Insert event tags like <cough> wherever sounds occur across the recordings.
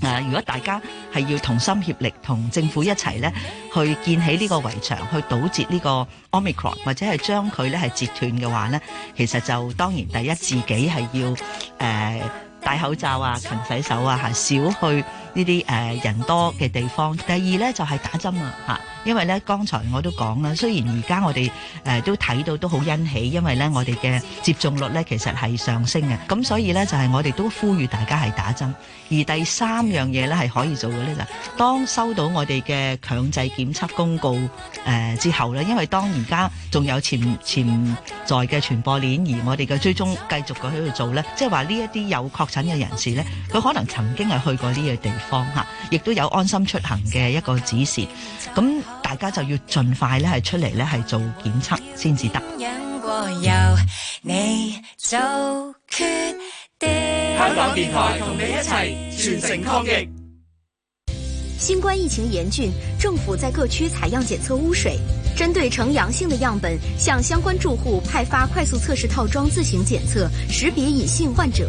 嗱，如果大家係要同心協力，同政府一齊咧，去建起呢個圍牆，去堵截呢個 Omicron，或者係將佢咧係截斷嘅話咧，其實就當然第一自己係要誒、呃、戴口罩啊、勤洗手啊、少去呢啲誒人多嘅地方，第二呢就係、是、打針啊吓，因為呢剛才我都講啦，雖然而家我哋誒、呃、都睇到都好欣喜，因為呢我哋嘅接種率呢其實係上升嘅，咁所以呢就係、是、我哋都呼籲大家係打針，而第三樣嘢呢係可以做嘅呢就是，當收到我哋嘅強制檢測公告誒、呃、之後呢，因為當而家仲有潛潛在嘅傳播鏈，而我哋嘅追蹤繼續嘅喺度做呢，即係話呢一啲有確診嘅人士呢，佢可能曾經係去過呢個地方。方吓，亦都有安心出行嘅一個指示，咁大家就要盡快咧係出嚟咧係做檢測先至得。香港電台同你一齊全城抗疫。新冠疫情嚴峻，政府在各區採樣檢測污水，針對呈陽性的樣本，向相關住戶派發快速測試套裝自行檢測，識別隱性患者。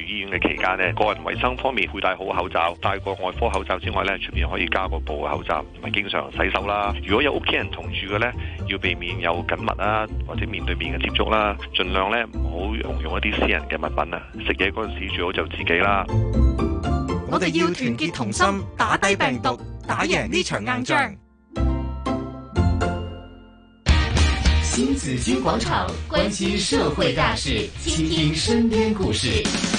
嘅期間咧，個人衛生方面會戴好口罩，戴過外科口罩之外咧，出面可以加個布嘅口罩，同埋經常洗手啦。如果有屋企人同住嘅，呢要避免有緊密啊，或者面對面嘅接觸啦，盡量呢唔好共用一啲私人嘅物品啦。食嘢嗰陣時最好就自己啦。我哋要團結同心，打低病毒，打贏呢場硬仗。新紫荊廣場關心社會大事，傾聽身邊故事。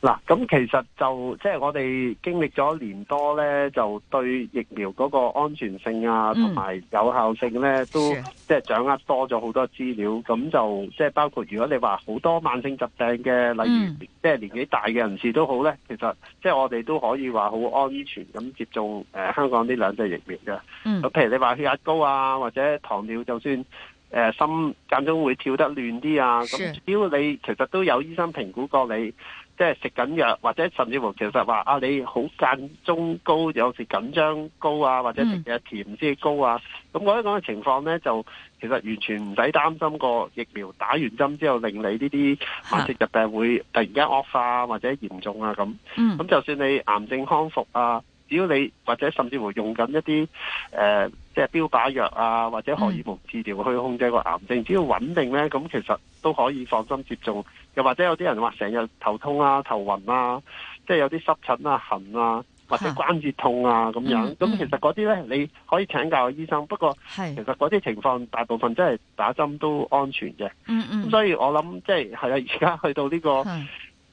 嗱，咁其實就即係、就是、我哋經歷咗年多咧，就對疫苗嗰個安全性啊，同、嗯、埋有，有效性咧，都即係、就是、掌握多咗好多資料。咁就即係、就是、包括如果你話好多慢性疾病嘅，例如即係、就是、年紀大嘅人士都好咧、嗯，其實即係、就是、我哋都可以話好安全咁接種誒、呃、香港呢兩隻疫苗嘅。咁、嗯、譬如你話血壓高啊，或者糖尿，就算誒、呃、心間中會跳得亂啲啊，咁只要你其實都有醫生評估過你。即係食緊藥，或者甚至乎其實話啊，你好間中高，有時緊張高啊，或者食嘢甜先高啊。咁我一嗰嘅情況咧，就其實完全唔使擔心個疫苗打完針之後令你呢啲慢性疾病會突然間惡化、啊、或者嚴重啊咁。咁、嗯、就算你癌症康復啊。只要你或者甚至乎用緊一啲誒、呃，即係標靶藥啊，或者荷爾蒙治療去控制個癌症，嗯、只要穩定咧，咁其實都可以放心接種。又或者有啲人話成日頭痛啊、頭暈啊，即係有啲濕疹啊、痕啊，或者關節痛啊咁樣。咁、嗯嗯、其實嗰啲咧，你可以請教醫生。不過其實嗰啲情況大部分真係打針都安全嘅。嗯嗯。所以我諗即係係呀，而家去到呢、呢個。嗯嗯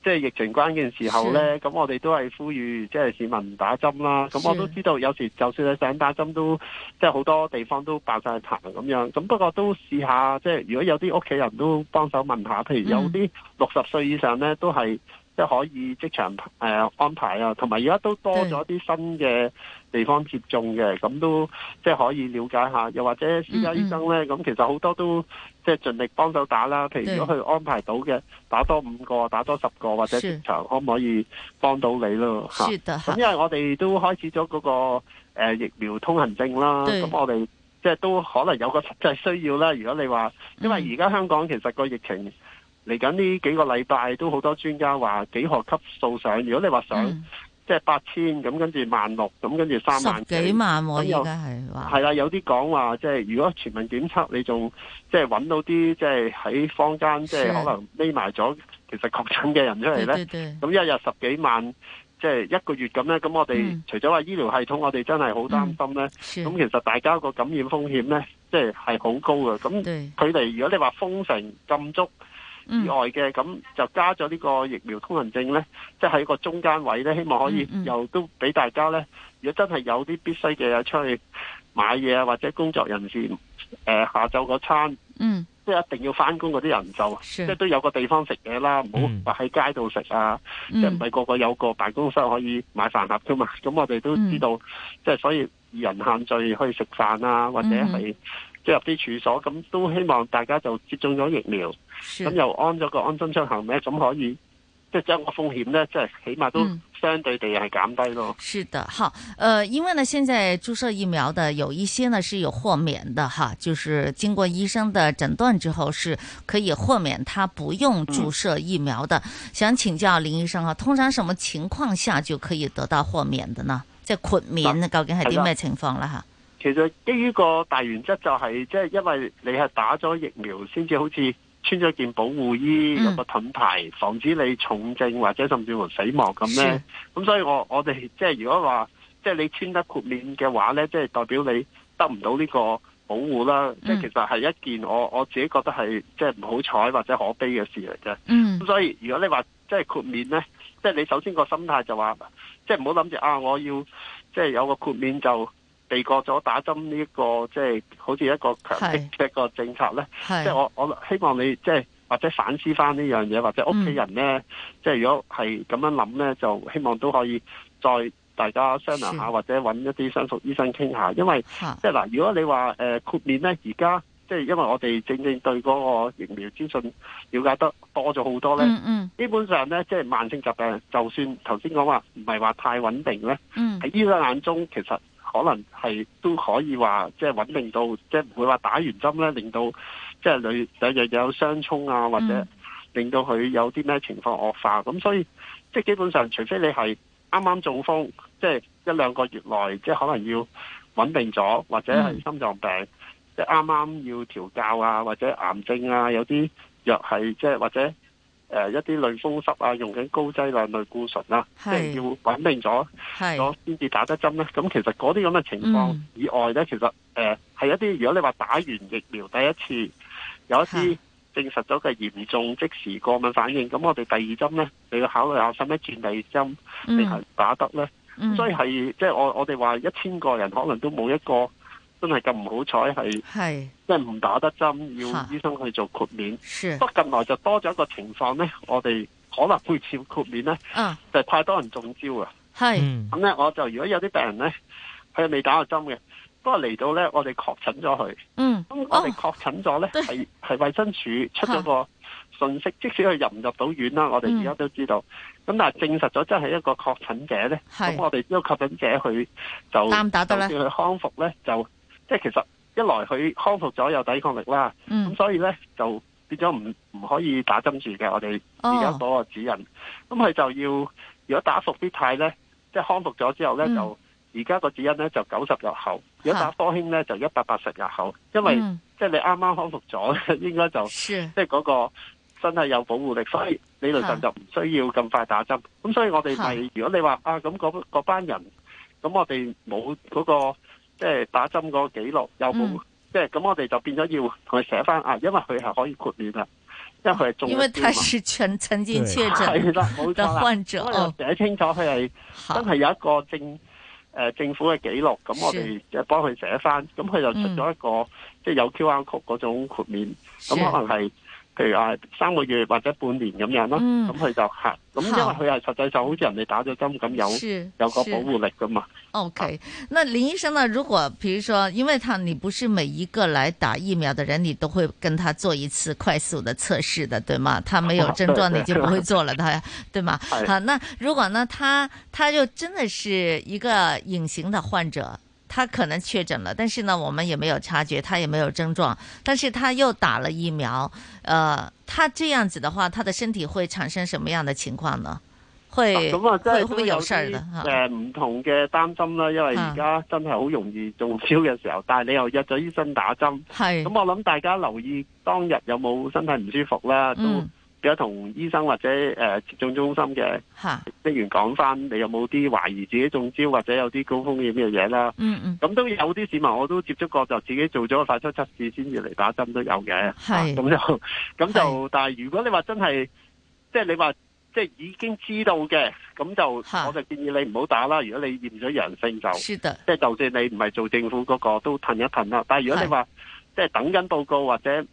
即係疫情關鍵時候咧，咁我哋都係呼籲，即係市民唔打針啦。咁我都知道有時就算係想打針都，即係好多地方都爆晒棚咁樣。咁不過都試下，即係如果有啲屋企人都幫手問下，譬如有啲六十歲以上咧，都係即係可以即場誒安排啊。同埋而家都多咗啲新嘅地方接種嘅，咁都即係可以了解下。又或者私家醫生咧，咁、嗯嗯、其實好多都。即係盡力幫手打啦，譬如如果佢安排到嘅，打多五個、打多十個或者現場，可唔可以幫到你咯？係，咁因為我哋都開始咗嗰個、呃、疫苗通行證啦，咁我哋即係都可能有個實際需要啦。如果你話，因為而家香港其實個疫情嚟緊呢幾個禮拜都好多專家話幾何級數上，如果你話想。嗯即係八千咁，跟住萬六咁，跟住三萬幾萬，係啦，有啲講話即係如果全民檢測，你仲即係揾到啲即係喺坊間即係可能匿埋咗其實確診嘅人出嚟咧，咁一日十幾萬，即係一個月咁咧，咁我哋除咗話醫療系統，我哋真係好擔心咧。咁其實大家個感染風險咧，即係係好高嘅。咁佢哋如果你話封城禁足。以外嘅，咁就加咗呢個疫苗通行證咧，即係喺個中間位咧，希望可以又都俾大家咧。如果真係有啲必須嘅，出去買嘢啊，或者工作人士、呃、下晝嗰餐，即、嗯、係一定要翻工嗰啲人就即係都有個地方食嘢啦，唔好話喺街度食啊。就唔係個個有個辦公室可以買飯盒㗎嘛。咁我哋都知道，即、嗯、係、就是、所以人限聚去食飯啊，或者係即入啲處所，咁都希望大家就接種咗疫苗。咁又安咗個安心出行咩？咁可以即係將個風險咧，即係起碼都相對地係減低咯。是的，好呃，因為呢，現在注射疫苗的有一些呢，是有豁免的哈，就是經過醫生的診斷之後，是可以豁免，他不用注射疫苗的。嗯、想請教林醫生啊，通常什麼情況下就可以得到豁免的呢？即係豁免呢究竟係啲咩情況啦？吓，其實基於個大原則就係、是，即係因為你係打咗疫苗，先至好似。穿咗件保護衣有個盾牌，防止你重症或者甚至乎死亡咁咧。咁、嗯、所以我我哋即係如果話，即係你穿得豁免嘅話咧，即係代表你得唔到呢個保護啦、嗯。即係其實係一件我我自己覺得係即係唔好彩或者可悲嘅事嚟啫。咁、嗯、所以如果你話即係豁免咧，即係你首先個心態就話，即係唔好諗住啊，我要即係有個豁免就。避過咗打針呢、這個即係、就是、好似一個強迫嘅一個政策咧，即係、就是、我我希望你即係或者反思翻呢樣嘢，或者屋企人咧，即、嗯、係、就是、如果係咁樣諗咧，就希望都可以再大家商量下，或者揾一啲相熟醫生傾下，因為即係嗱，如果你話誒、呃、豁免咧，而家即係因為我哋正正對嗰個疫苗資訊了解得多咗好多咧、嗯嗯，基本上咧即係慢性疾病，就算頭先講話唔係話太穩定咧，喺醫生眼中其實。可能係都可以話，即係穩定到，即係唔會話打完針咧，令到即係兩兩日有相沖啊，或者令到佢有啲咩情況惡化。咁所以，即係基本上，除非你係啱啱中風，即係一兩個月內，即係可能要穩定咗，或者係心臟病，即係啱啱要調教啊，或者癌症啊，有啲藥係即係或者。誒、呃，一啲類風濕啊，用緊高劑量類固醇啊，即係要穩定咗，我先至打得針咧。咁其實嗰啲咁嘅情況以外咧，其實誒係、嗯呃、一啲，如果你話打完疫苗第一次，有一啲證實咗嘅嚴重即時過敏反應，咁我哋第二針咧，你要考慮下使咩使轉第二針定係打得咧、嗯嗯？所以係即係我我哋話一千個人可能都冇一個。真係咁唔好彩，係即係唔打得針，要醫生去做豁免。不過、啊啊、近來就多咗一個情況咧，我哋可能會超豁免咧、啊，就太多人中招啊。咁咧，嗯、我就如果有啲病人咧，佢未打過針嘅，不過嚟到咧，我哋確診咗佢。咁、嗯嗯、我哋確診咗咧，係係衞生署出咗個信息，即使佢入唔入到院啦，我哋而家都知道。咁但係證實咗真係一個確診者咧，咁、嗯、我哋依個確診者佢就打得咧，佢康復咧就。即係其實一來，佢康復咗有抵抗力啦，咁、嗯、所以咧就變咗唔唔可以打針住嘅。我哋而家嗰個指引，咁、哦、佢就要如果打復必泰咧，即係康復咗之後咧，就而家個指引咧就九十日後，如果打科興咧就一百八十日後，嗯、日後因為、嗯、即係你啱啱康復咗應該就即係嗰個身體有保護力，所以理論上就就唔需要咁快打針。咁、嗯、所以我哋係如果你話啊咁嗰嗰班人，咁我哋冇嗰個。即、就、係、是、打針個記錄有冇，即係咁我哋就變咗要同佢寫翻啊，因為佢係可以豁免啦，因為佢係中因為佢係全曾經確診的患者， <laughs> 患者我寫清楚佢係真係有一個政誒政府嘅記錄，咁我哋就幫佢寫翻。咁佢就出咗一個即係有 Q R code 嗰種豁免，咁可能係。譬如啊，三個月或者半年咁樣咯，咁、嗯、佢就嚇，咁因為佢係實際上就好似人哋打咗針咁有有個保護力噶嘛。OK，、啊、那林醫生呢？如果譬如說，因為他你不是每一個來打疫苗的人，你都會跟他做一次快速的測試的，對嗎？他沒有症狀你就不會做了，他、啊、對嗎？ <laughs> 好，那如果呢，他他就真的是一個隱形的患者。他可能確診了，但是呢，我們也沒有察覺，他也沒有症狀，但是他又打了疫苗，呃，他這樣子的話，他的身體會產生什麼樣的情況呢？會、啊啊、會有會，會有事兒的？誒、呃，唔同嘅擔心啦，因為而家真係好容易中招嘅時候，啊、但係你又約咗醫生打針，係。咁我諗大家留意當日有冇身體唔舒服啦，都、嗯。而家同醫生或者誒、呃、接種中心嘅職員講翻，你有冇啲懷疑自己中招或者有啲高風險嘅嘢啦？嗯嗯，咁都有啲市民我都接觸過，就自己做咗個快速測試先至嚟打針都有嘅。係咁就咁就，就但係如果你話真係，即、就、係、是、你話即係已經知道嘅，咁就我就建議你唔好打啦。如果你驗咗陽性就，即係就算、是、你唔係做政府嗰、那個都停一停啦。但係如果你話即係等緊報告或者。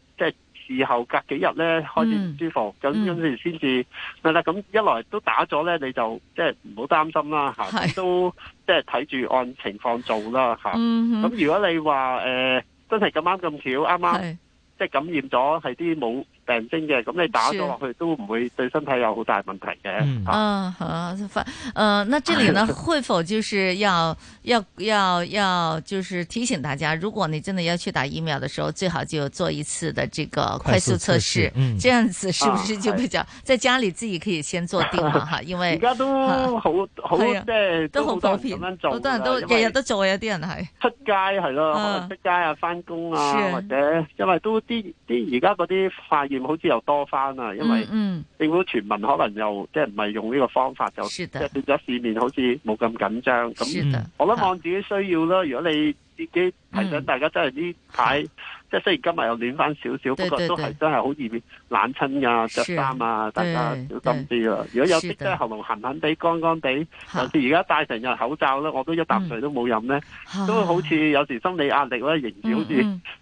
事後隔幾日咧開始唔舒服，咁跟住先至，係啦。咁、嗯、一來都打咗咧，你就即係唔好擔心啦，吓都即係睇住按情況做啦，吓、嗯。咁如果你話誒、呃、真係咁啱咁巧啱啱即係感染咗係啲冇。病徵嘅，咁你打咗落去都唔會對身體有好大問題嘅。嗯，好、啊，反，誒，那這裏呢 <laughs> 會否就是要要要要，要要就是提醒大家，如果你真的要去打疫苗的時候，最好就做一次的這個快速測試，嗯，這樣子是不是就比較？啊、在家裏自己可以先做定啦，哈，因為而家、啊、 <laughs> 都好好，即、啊、係都好普遍，好多人都日日都做，有啲人係出街係咯、啊，可能出街啊、翻工啊，或者因為都啲啲而家嗰啲快。好似又多翻啦，因為政府傳聞可能又即係唔係用呢個方法，就即係變咗市面好似冇咁緊張。咁、嗯、我諗望自己需要咯。如果你自己提醒大家真，真係呢排即係雖然今日又暖翻少少，不過都係真係好易冷親啊，着衫啊，大家小心啲啦。如果有啲真係喉嚨痕痕地、乾乾地，就算而家戴成日口罩咧，我都一啖水都冇飲咧，都好似有時心理壓力咧，仍然好似。 <laughs>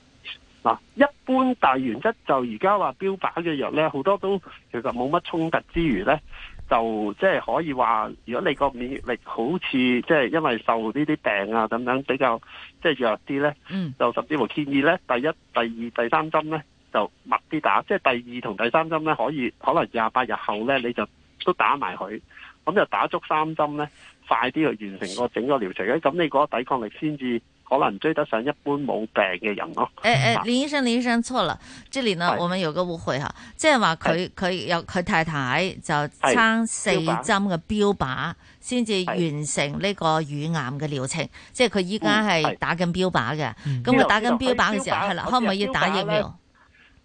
嗱，一般大原則就而家話標靶嘅藥咧，好多都其實冇乜衝突之餘咧，就即係可以話，如果你個免疫力好似即係因為受呢啲病啊咁樣比較即係弱啲咧，就甚至乎建議咧，第一、第二、第三針咧就密啲打，即係第二同第三針咧可以可能廿八日後咧你就都打埋佢，咁就打足三針咧，快啲去完成個整個療程嘅，咁你個抵抗力先至。可能追得上一般冇病嘅人咯、啊。誒、欸、誒、欸，林醫生，林醫生錯了。這裡呢，我們有個誤會嚇，即係話佢佢有佢太太就撐四針嘅標靶，先至完成呢個乳癌嘅療程。是即係佢依家係打緊標靶嘅。咁佢、嗯、打緊標靶嘅時候，係、嗯、啦，可唔可以打疫苗？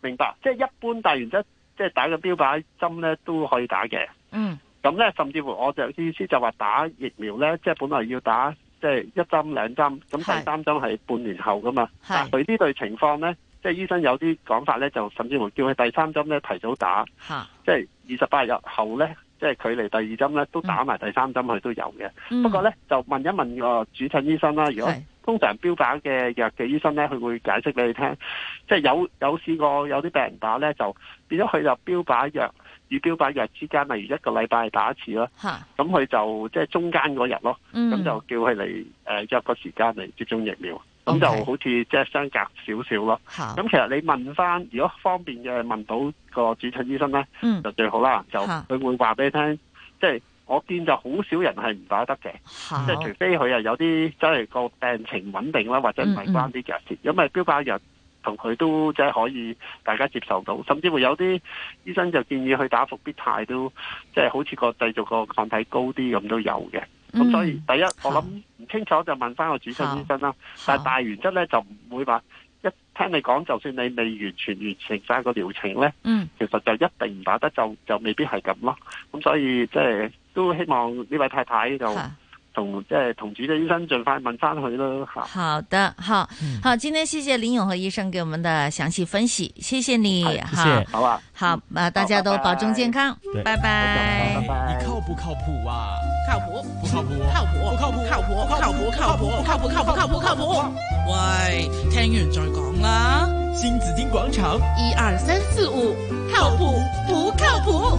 明白。即、就、係、是、一般大原則，即、就、係、是、打緊標靶針咧都可以打嘅。嗯。咁咧，甚至乎我就意思就話打疫苗咧，即、就、係、是、本來要打。即、就、係、是、即係一針兩針，咁第三針係半年後噶嘛？佢呢對情況呢，即係醫生有啲講法呢，就甚至乎叫佢第三針呢提早打，即係二十八日後呢，即係距離第二針呢都打埋第三針佢都有嘅、嗯。不過呢，就問一問個主診醫生啦，如果通常標靶嘅藥嘅醫生呢，佢會解釋俾你聽，即係有有試過有啲病人打呢，就變咗佢就標靶藥。與標靶藥之間，例如一個禮拜打一次咯，咁佢就即係中間嗰日咯，咁就叫佢嚟一約個時間嚟接種疫苗，咁、嗯、就好似、okay. 即係相隔少少咯。咁其實你問翻，如果方便嘅問到個主診醫生咧、嗯，就最好啦，就佢會話俾你聽。即係我見就好少人係唔打得嘅，即係除非佢又有啲真係個病情穩定啦，或者唔係關啲件事、嗯嗯，因為標靶藥。同佢都即係可以大家接受到，甚至會有啲醫生就建議去打伏必泰都，都即係好似個製造個抗體高啲咁都有嘅。咁、嗯、所以第一，嗯、我諗唔清楚就問翻個主診醫生啦、嗯。但係大原則咧就唔會話，一聽你講，就算你未完全完成晒個療程咧，嗯，其實就一定唔打得就就未必係咁咯。咁所以即係都希望呢位太太就。嗯同即係同主治醫生盡快問翻佢咯。好、啊、好的，好、嗯、好，今天謝謝林永和醫生給我們的詳細分析，謝謝你。謝、嗯、謝，好吧好，啊好嗯、大家都保重健康，拜拜，拜拜。拜拜 bye bye 你靠不靠譜啊？靠譜不靠譜？靠譜不靠譜？靠譜靠譜？靠譜靠譜？靠譜不靠譜？靠譜靠譜？喂，聽完再講啦。新紫荊廣場，一二三四五，靠譜不靠譜？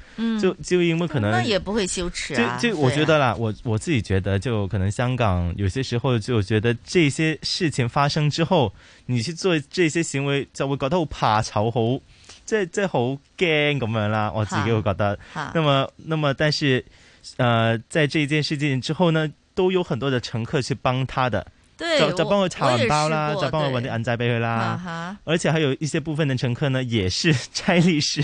嗯，就就因為可能那也不會羞恥、啊，就就我覺得啦，啊、我我自己覺得，就可能香港有些時候就覺得這些事情發生之後，你去做這些行為就會覺得好怕醜，好，這這好驚咁樣啦。我自己會覺得。那麼那麼，那麼那麼但是，呃，在這一件事情之後呢，都有很多的乘客去幫他的，對，就幫我查完包啦，就幫我揾啲安仔俾佢啦，啊、哈。而且還有一些部分的乘客呢，也是拆利市。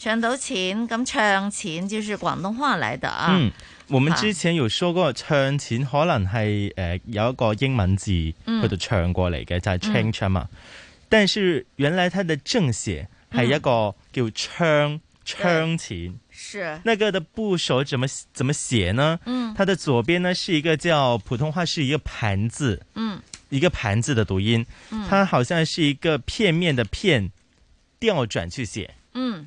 唱到錢咁唱錢，跟就是廣東話嚟的啊。嗯，我們之前有說過唱錢可能係誒有一個英文字佢就唱過嚟嘅，就係 change 嘛，嗯。但是原來它的正寫係一個叫唱唱錢，是那個的部首怎麼怎麼寫呢？嗯，它的左邊呢是一個叫普通話是一個盤字，嗯，一個盤字的讀音，嗯，它好像是一個片面的片調轉去寫，嗯。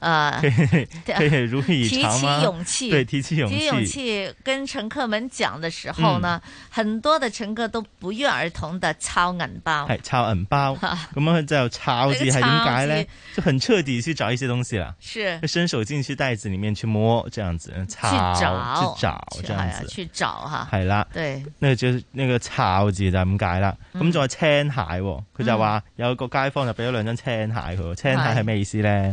呃、啊、 <laughs> 提起勇氣，對，提起勇氣，提起勇氣跟乘客們講的時候呢，嗯、很多的乘客都不約而同的抄銀包，係抄銀包，咁、嗯、樣就抄字係、啊、點解呢、這個？就很徹底去找一些東西啦，是，伸手進去袋子裏面去摸，這樣子，抄，去找，這樣子，去、哎、去找哈、啊，係啦，對，那個就那個抄字就咁解啦。咁、嗯、仲有青蟹、哦，佢、嗯、就話有一個街坊就俾咗兩張青蟹佢，青蟹係咩意思呢？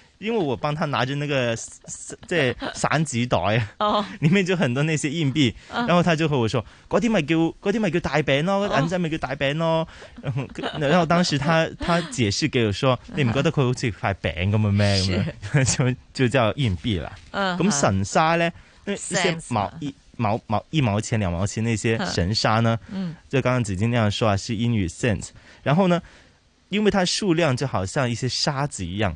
因為我幫他拿着那個即散紙袋，哦，裏面就很多那些硬幣，oh. 然後他就和我說：嗰啲咪叫嗰啲咪叫大餅咯、哦，銀仔咪叫大餅咯、哦。然後當時他他解釋給我說，oh. 你唔覺得佢好似塊餅咁嘅咩咁樣，uh -huh. <laughs> 就就叫硬幣啦。咁、uh -huh. 神沙咧，因為一些毛、sense. 一毛毛一毛錢兩毛錢那些神沙呢，嗯、uh -huh.，就剛剛子矜那樣說啊，是英語 cents。然後呢，因為它數量就好像一些沙子一樣。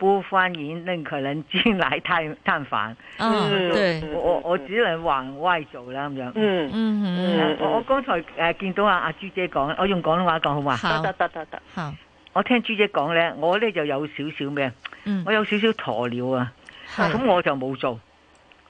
不歡迎任何人進來攤攤飯。嗯、oh，我我只能往外做啦咁樣。嗯嗯嗯。我剛才誒、呃、見到阿、啊、阿朱姐講，我用廣東話講好嘛？得得得得得。我聽朱姐講咧，我咧就有少少咩？我有少少鴕鳥啊。咁、mm -hmm. 我就冇做。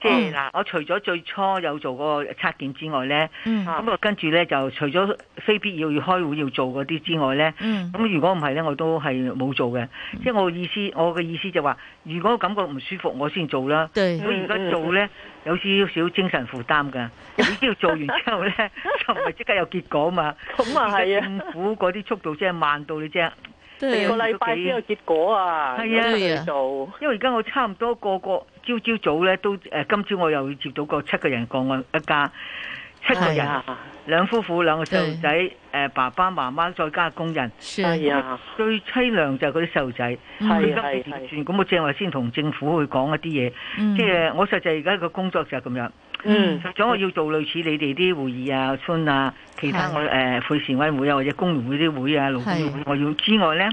即係嗱、嗯，我除咗最初有做個測檢之外咧，咁、嗯、啊跟住咧就除咗非必要要開會要做嗰啲之外咧，咁、嗯、如果唔係咧我都係冇做嘅、嗯。即係我意思，我嘅意思就話，如果感覺唔舒服，我先做啦。我而家做咧、嗯、有少少精神負擔㗎，你都要做完之後咧 <laughs> 就唔係即刻有結果嘛。咁啊係啊，政府嗰啲速度即係慢到你啫、就是。四個禮拜先有結果啊！係啊，啊，因為而家我差唔多個個朝朝早咧都誒、呃，今朝我又接到個七個人個案一家、呃、七個人。兩夫婦兩個細路仔，誒、呃，爸爸媽媽再加工人，係啊，最凄涼就係嗰啲細路仔，係、嗯、啊，係咁我正話先同政府去講一啲嘢、嗯，即係我實際而家嘅工作就係咁樣，嗯，除咗我要做類似你哋啲會議啊、村、嗯、啊，其他我誒，婦女事務委員會啊，或者工聯會啲會啊、勞工會我，我要之外咧，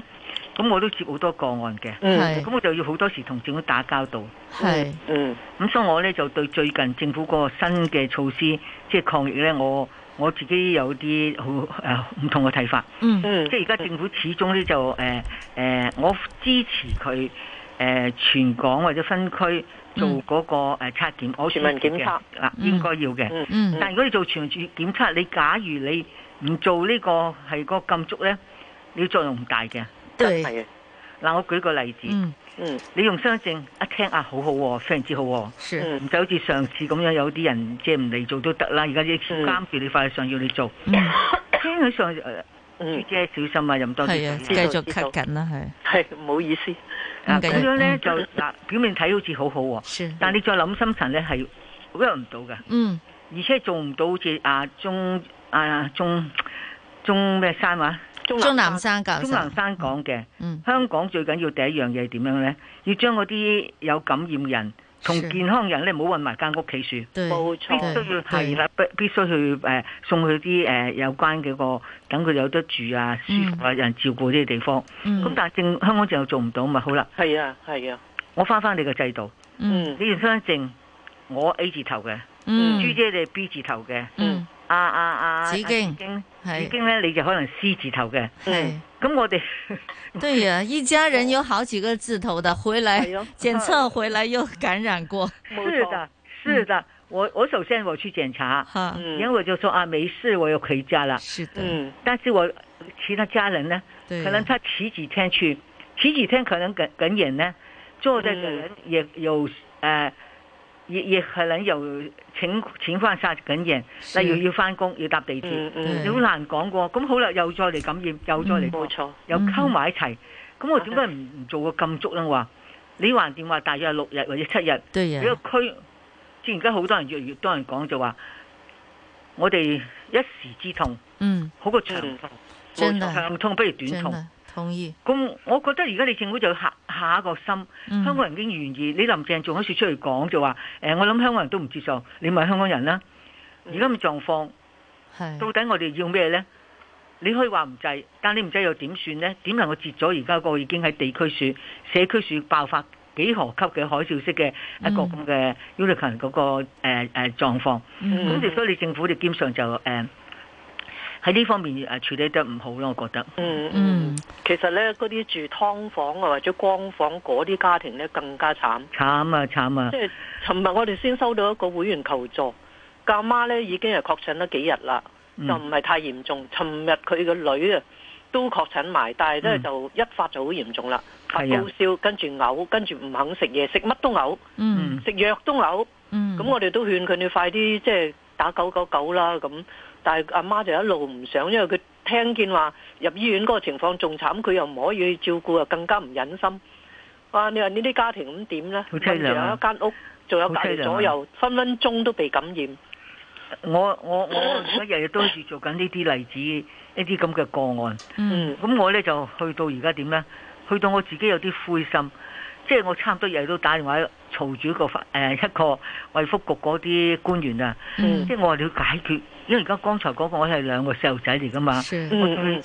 咁我都接好多個案嘅，嗯，咁、嗯、我就要好多時同政府打交道，係，嗯，咁、嗯、所以我咧就對最近政府嗰個新嘅措施，即、就、係、是、抗疫咧，我。我自己有啲好誒唔同嘅睇法，嗯，即係而家政府始終咧就誒誒、呃呃，我支持佢誒、呃、全港或者分區做嗰個誒測檢、嗯我，全民檢測嗱、嗯、應該要嘅，嗯嗯，但係如果你做全民檢測，你假如你唔做呢、呢個係個禁足咧，你要作用唔大嘅，對，嗱我舉個例子。嗯嗯，你用相證一聽啊，好好喎、啊，非常之好喎、啊。嗯，就好似上次咁樣，有啲人即係唔嚟做都得啦。而家啲監住你，快上要你做。嗯、聽起上誒，注、嗯、意小心啊，飲多啲。係啊，繼續吸緊啦，係。係，唔好意思。咁、啊、樣咧、嗯、就嗱、啊，表面睇好似好好、啊、喎，但係你再諗深層咧係約唔到㗎。嗯，而且做唔到好似啊，中啊，中中咩山話、啊？鐘南山教，鐘南山講嘅、嗯，香港最緊要第一樣嘢係點樣呢？嗯、要將嗰啲有感染人同健康人咧，唔好混埋間屋企住，冇錯，係啦，必須必須去誒、呃、送去啲誒、呃、有關嘅個，等佢有得住啊，舒服啊，有、嗯、人照顧呢啲地方。咁、嗯、但係正香港正又做唔到，咪好啦。係啊，係啊，我翻翻你個制度，嗯，你醫相證，我 A 字頭嘅，嗯，朱姐你 B 字頭嘅，嗯。嗯啊啊啊！紫、啊、荊，係紫荊呢咧，你就可能 C 字頭嘅。係咁，嗯、我哋對呀、啊， <laughs> 一家人有好幾個字頭的。回來檢測回來又感染過。哎、是，的呵呵是的，是的，我我首先我去檢查，哈，然、嗯、後我就說啊，沒事，我又回家了是的、嗯、是的，但是我其他家人呢，啊、可能他遲幾天去，遲幾天可能梗感染呢，做的人也有呃亦亦係啦，又請請翻曬緊嘢，例如要翻工要搭地鐵，好、嗯嗯、難講過。咁好啦，又再嚟感染，又再嚟冇、嗯、錯，又溝埋一齊。咁、嗯嗯、我點解唔唔做個禁足咧？我話你橫掂話大約六日或者七日，呢個區即而家好多人越嚟越多人講就話，我哋一時之痛，嗯，好過長痛，冇錯，長痛不如短痛。意。咁我覺得而家你政府就下下一個心、嗯，香港人已經願意。你林鄭仲喺處出嚟講就話，誒我諗香港人都唔接受，你問香港人啦。而家嘅狀況，到底我哋要咩呢？你可以話唔制，但你唔制又點算呢？點能夠截咗而家個已經喺地區處、社區處爆發幾何級嘅海嘯式嘅一個咁嘅 Omicron 嗰個、嗯啊啊、狀況？咁、嗯嗯、所以你政府就兼上就誒。啊喺呢方面誒處理得唔好咯，我覺得，得。嗯嗯，其實呢，嗰啲住劏房啊或者光房嗰啲家庭呢，更加慘。慘啊慘啊！即係尋日我哋先收到一個會員求助，阿媽呢已經係確診咗幾日啦、嗯，就唔係太嚴重。尋日佢個女啊都確診埋，但係即係就一發就好嚴重啦，發高燒，啊、跟住嘔，跟住唔肯食嘢，食乜都嘔，食、嗯嗯、藥都嘔。嗯。咁我哋都勸佢要快啲即係打九九九啦咁。但係阿媽就一路唔想，因為佢聽見話入醫院嗰個情況仲慘，佢又唔可以去照顧，又更加唔忍心。哇！你話呢啲家庭咁點呢？好淒涼啊！仲有一間屋，仲有隔籬左右，啊、分分鐘都被感染。我我我日日都住做緊呢啲例子， <laughs> 一啲咁嘅個案。嗯。咁我呢就去到而家點呢？去到我自己有啲灰心。即係我差唔多日日都打電話嘈住個誒一個衛福局嗰啲官員啊、嗯，即係我話你要解決，因為而家剛才嗰個我係兩個細路仔嚟㗎嘛。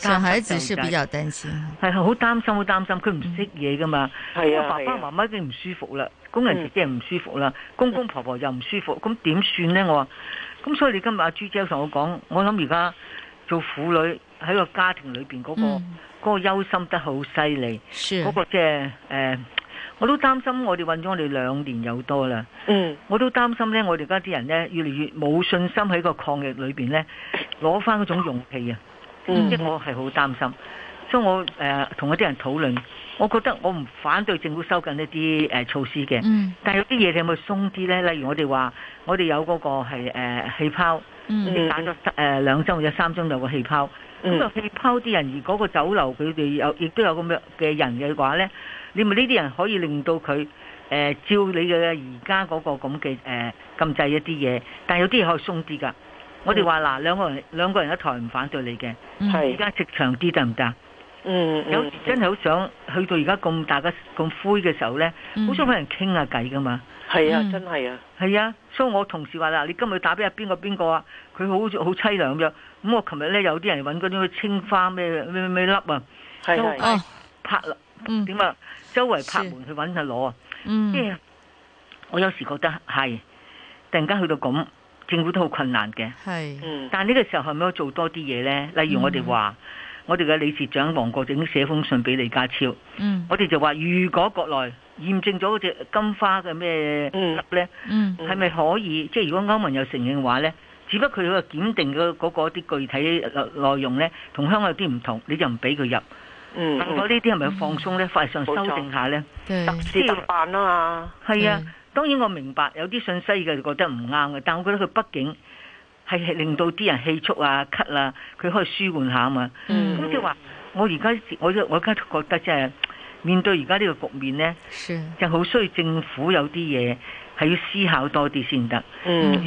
但係孩子係比較擔心，係、嗯、好擔心，好擔心。佢唔識嘢㗎嘛。係、嗯、啊，爸爸媽媽已經唔舒服啦，工、嗯、人姐姐唔舒服啦、嗯，公公婆婆又唔舒服，咁點算咧？我話，咁所以你今日阿朱姐同我講，我諗而家做婦女喺個家庭裏邊嗰個嗰、嗯那個憂心得好犀利，嗰個即係誒。那個就是呃我都擔心，我哋揾咗我哋兩年有多啦。嗯，我都擔心咧，我哋而家啲人咧，越嚟越冇信心喺個抗疫裏面咧，攞翻嗰種勇氣。啊！嗯，即我係好擔心，所以我同、呃、一啲人討論，我覺得我唔反對政府收緊一啲措施嘅、嗯。但但有啲嘢你有冇鬆啲咧？例如我哋話，我哋有嗰個係誒、呃、氣泡，你、嗯、打咗誒、呃、兩針或者三針有個氣泡，咁、嗯嗰個氣泡啲人，而嗰個酒樓佢哋有亦都有咁樣嘅人嘅話咧。你咪呢啲人可以令到佢誒、呃、照你嘅而家嗰個咁嘅誒禁制一啲嘢，但有啲嘢可以鬆啲噶、嗯。我哋話嗱，兩個人兩個人一台唔反對你嘅，而家直長啲得唔得？嗯，有時真係好想、嗯、去到而家咁大家咁灰嘅時候咧，好、嗯、想揾人傾下偈噶嘛。係啊，真係啊。係、嗯、啊，所以我同事話啦，你今日打俾阿邊個邊個啊？佢好似好凄涼咁樣。咁我琴日咧，有啲人揾嗰啲青花咩咩咩粒啊，都、哎、拍嗯，點啊、嗯？周圍拍門去揾佢攞啊！嗯，即係我有時覺得係突然間去到咁，政府都好困難嘅。係、嗯，但係呢個時候係咪可以做多啲嘢咧？例如我哋話、嗯，我哋嘅理事長王國正寫封信俾李家超。嗯，我哋就話，如果國內驗證咗嗰隻金花嘅咩粒？嗯，咧，嗯，係咪可以？即係如果歐盟有承認嘅話咧，只不過佢個檢定嘅嗰個啲具體內容咧，同香港有啲唔同，你就唔俾佢入。嗯，咁、嗯、我呢啲係咪放鬆咧？快、嗯嗯、上修正下咧，特事特辦啊嘛。係啊、嗯，當然我明白有啲信息嘅覺得唔啱嘅，但係我覺得佢畢竟係令到啲人氣促啊、咳啊，佢可以舒緩下啊嘛。咁即係話我而家我我而家覺得即、就、係、是、面對而家呢個局面咧，就好需要政府有啲嘢係要思考多啲先得。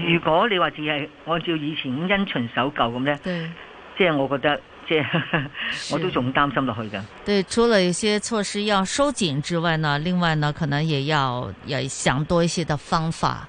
如果你話只係按照以前咁因循守舊咁咧，即係、就是、我覺得。即係，我都仲擔心落去㗎。對，除咗有些措施要收緊之外呢，另外呢，可能也要要想多一些的方法。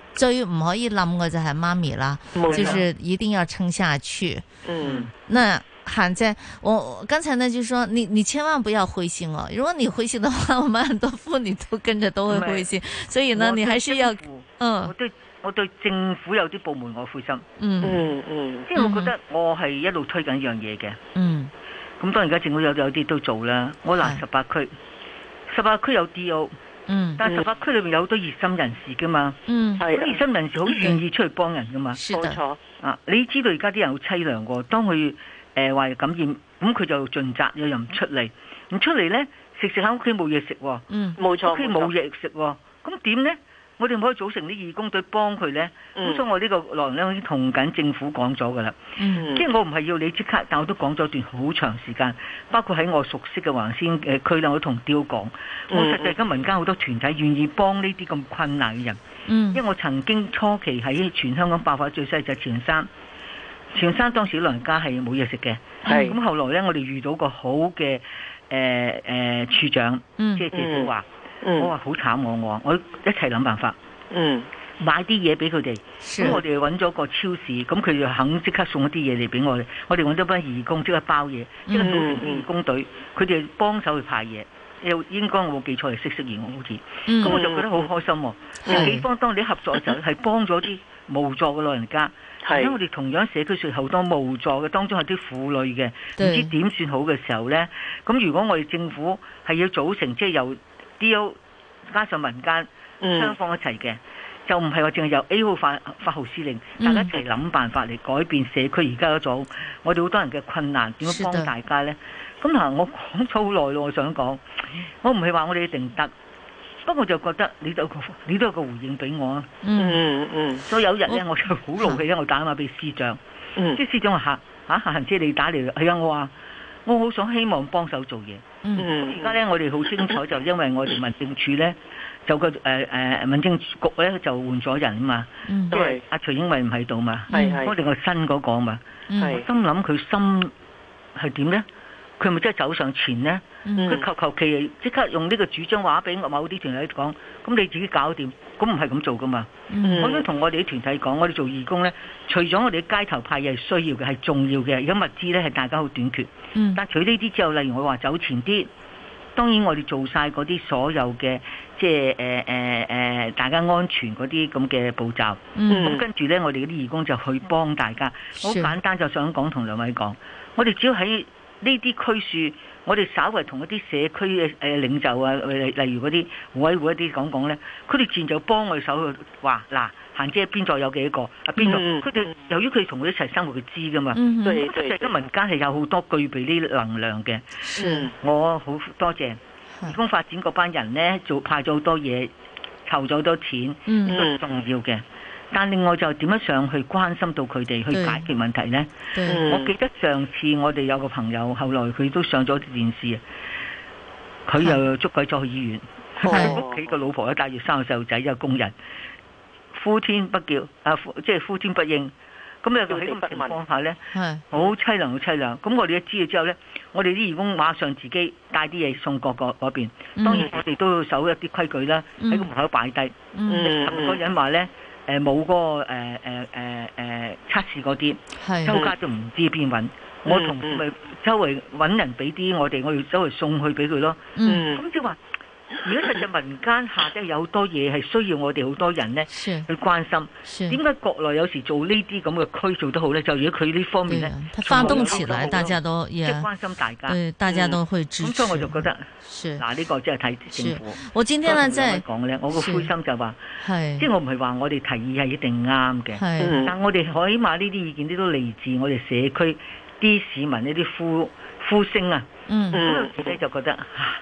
最唔可以諗嘅就係媽咪啦，就是一定要撐下去。嗯，那行即我剛才呢，就說你你千萬不要灰心哦。如果你灰心的話，我們很多婦女都跟着都會灰心，所以呢，你還是要嗯。我對我對政府有啲部門我灰心。嗯嗯嗯，即、就、係、是、我覺得我係一路推緊一樣嘢嘅。嗯，咁當然而家政府有有啲都做啦。我南十八區，十、okay. 八區，十八區有 D O。嗯，但係十八區裏邊有好多熱心人士㗎嘛，嗯，係啲熱心人士好願意出去幫人㗎嘛，冇錯啊！你知道而家啲人好淒涼喎、哦，當佢誒話感染，咁佢就盡責又唔出嚟，唔出嚟咧食食喺屋企冇嘢食喎，嗯，冇、哦、錯，屋企冇嘢食喎，咁點咧？我哋唔可以組成啲義工隊幫佢咧？咁、嗯、所以我個內容呢個老人家已經同緊政府講咗噶啦。即、嗯、係我唔係要你即刻，但我都講咗段好長時間，包括喺我熟悉嘅華人先誒區內，我同雕講，我實際今民間好多團體願意幫呢啲咁困難嘅人、嗯。因為我曾經初期喺全香港爆發最細就前山，前山當時老人家係冇嘢食嘅。咁、嗯、後來咧，我哋遇到個好嘅誒誒處長，即係謝少華。姐姐，我話好慘，我慘、啊、我我一齊諗辦法，嗯，買啲嘢俾佢哋咁，我哋揾咗個超市，咁佢就肯即刻送一啲嘢嚟俾我哋。我哋揾咗班義工，即刻包嘢，即係做成義工隊，佢、嗯、哋、嗯、幫手去派嘢。又應該我冇記錯嚟，識識義工好似咁，嗯、我就覺得好開心、啊。即係幾方當你合作就係、嗯、幫咗啲無助嘅老人家，因為我哋同樣社區上好多無助嘅，當中係啲婦女嘅，唔知點算好嘅時候咧。咁如果我哋政府係要組成，即係由 D.O. 加上民間雙方一齊嘅、嗯，就唔係話淨係由 A 號法發號施令，嗯、大家一齊諗辦法嚟改變社區而家嗰種我哋好多人嘅困難，點樣幫大家咧？咁嗱，我講咗好耐咯，我想講，我唔係話我哋一定得，不過我就覺得你都有個你都有個回應俾我啊。嗯嗯，嗯，所以有日咧、嗯，我就好勞氣啊、嗯！我打電話俾司長，即係司長話吓吓嫻姐你打嚟，係啊，我話。我好想希望幫手做嘢。嗯，而家咧，我哋好清楚 <laughs> 就因為我哋民政處咧，就個誒誒、呃、民政局咧就換咗人啊嘛。嗯，都係阿徐英偉唔喺度嘛。係係。我哋個新嗰個嘛。嗯、mm -hmm.。Mm -hmm. 我心諗佢心係點咧？佢咪真係走上前咧？佢求求其即刻用呢個主張話俾某啲團體講，咁你自己搞掂，咁唔係咁做噶嘛？Mm -hmm. 我想同我哋啲團體講，我哋做義工咧，除咗我哋啲街頭派嘢係需要嘅，係重要嘅，而家物資咧係大家好短缺。Mm -hmm. 但除呢啲之後，例如我話走前啲，當然我哋做晒嗰啲所有嘅，即係誒誒誒，大家安全嗰啲咁嘅步驟。咁、mm -hmm. 跟住咧，我哋啲義工就去幫大家。好、mm -hmm. 簡單，就想講同兩位講，我哋只要喺。呢啲區樹，我哋稍微同一啲社區嘅誒領袖啊，例如嗰啲護衞會一啲講講咧，佢哋自然就幫我手話嗱，行姐邊座有幾個啊邊度？佢哋、mm -hmm. 由於佢同佢一齊生活，佢知噶嘛。Mm -hmm. 對，對對，即係民間係有好多具備啲能量嘅。Mm -hmm. 嗯，我好多謝義工發展嗰班人咧，做派咗好多嘢，籌咗好多錢，都、mm、個 -hmm. 重要嘅。但另外就點樣上去關心到佢哋去解決問題呢？我記得上次我哋有個朋友，後來佢都上咗電視，佢又捉鬼咗去醫院，喺屋企個老婆咧帶住三個細路仔，又、就是、工人呼天不叫啊，即係呼天不應咁又就喺咁情況下呢，好淒涼，好淒涼。咁我哋一知道之後呢，我哋啲義工馬上自己帶啲嘢送各個嗰邊。當然我哋都要守一啲規矩啦，喺個門口擺低。嗯，個，嗯個人話呢。誒，冇嗰個誒誒誒誒測試嗰啲，周家就唔知邊搵、嗯，我同咪、嗯、周圍搵人俾啲我哋，我要周圍送去俾佢咯。嗯。咁即係話。如果實在民間下咧有好多嘢係需要我哋好多人咧去關心，點解國內有時做呢啲咁嘅區做得好咧？就如果佢呢方面咧，發、啊、動起來，大家都，即、就、係、是、關心大家，大家都會支持咁、嗯、所以我就覺得，嗱呢、啊這個真係睇政府。我今天咧即係講咧，我個灰心就話，即係、就是、我唔係話我哋提議係一定啱嘅、嗯，但我哋可起碼呢啲意見啲都嚟自我哋社區啲市民呢啲呼呼聲啊。嗯，嗰、嗯、陣就覺得嚇。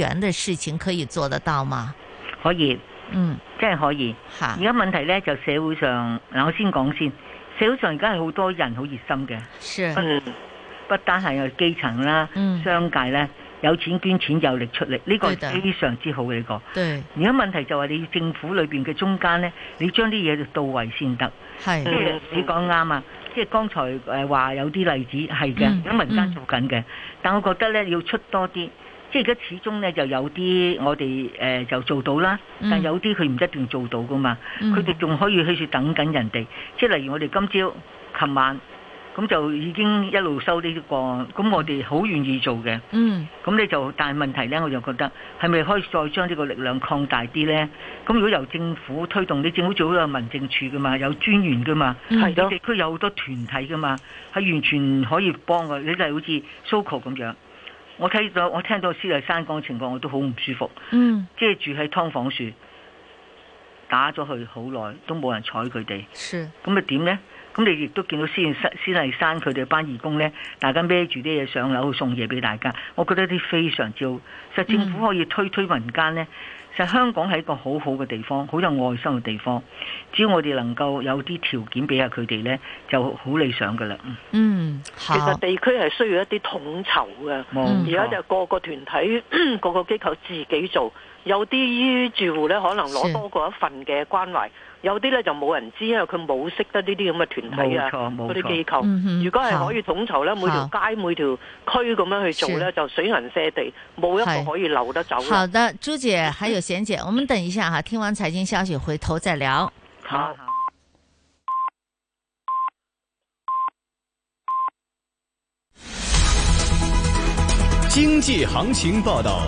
源的事情可以做得到嗎？可以，嗯，真係可以。而家問題咧就社會上。嗱我先講先。社會上而家係好多人好熱心嘅，嗯，不單係基層啦，嗯，商界咧有錢捐錢，有力出力，呢，這個係非常之好嘅，呢，這個。而家問題就話你政府裏邊嘅中間咧，你將啲嘢就到位先得。係，即係你講啱啊。即係剛才誒話有啲例子係嘅。有，嗯、民間做緊嘅，嗯，但我覺得咧要出多啲。即係而家始終咧就有啲我哋、呃、就做到啦，但有啲佢唔一定做到噶嘛。佢哋仲可以喺處等緊人哋。即係例如我哋今朝、琴晚咁就已經一路收啲、這、案、個，咁我哋好願意做嘅。咁、mm. 你就但係問題咧，我就覺得係咪可以再將呢個力量擴大啲咧？咁如果由政府推動，你政府做好有民政處噶嘛，有專員噶嘛，有、mm. 地區有好多團體噶嘛，係完全可以幫佢。你就係、好似 Soco 咁樣。我睇到我聽到施麗山講嘅情況，我都好唔舒服。嗯，即、就、係、是、住喺劏房住，打咗佢好耐，都冇人睬佢哋。咁啊點呢？咁你亦都見到施麗山、佢哋班義工呢，大家孭住啲嘢上樓去送嘢俾大家。我覺得啲非常之好，實政府可以推推民間呢。嗯其實香港係一個好好嘅地方，好有愛心嘅地方。只要我哋能夠有啲條件俾下佢哋呢，就好理想㗎喇。嗯，其實地區係需要一啲統籌嘅，而家就個個團體、個個機構自己做，有啲住戶呢，可能攞多過一份嘅關懷。有啲咧就冇人知，因為佢冇識得呢啲咁嘅團體啊，嗰啲機構、嗯。如果係可以統籌咧，每條街、每條區咁樣去做咧，就水銀瀉地，冇一個可以留得走。好的，朱姐，還有賢姐，我們等一下哈，聽完財經消息，回頭再聊。好，啊啊啊。經濟行情報道。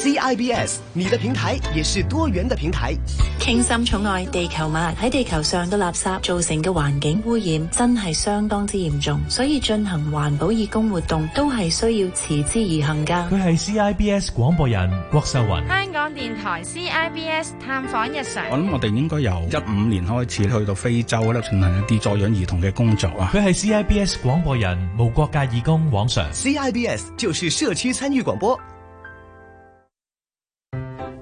CIBS，你的平台也是多元的平台。傾心寵愛地球嘛，喺地球上嘅垃圾造成嘅環境污染真係相當之嚴重，所以進行環保義工活動都係需要持之以恆噶。佢係 CIBS 廣播人郭秀雲，香港電台 CIBS 探訪日常。我諗我哋應該由一五年開始去到非洲咧，進行一啲助養兒童嘅工作啊。佢係 CIBS 廣播人無國界義工王 Sir。CIBS 就是社區參與廣播。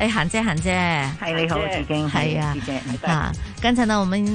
誒、欸、嫻姐，嫻姐，係你好，子矜，係啊，子矜，剛才、啊、呢，我們。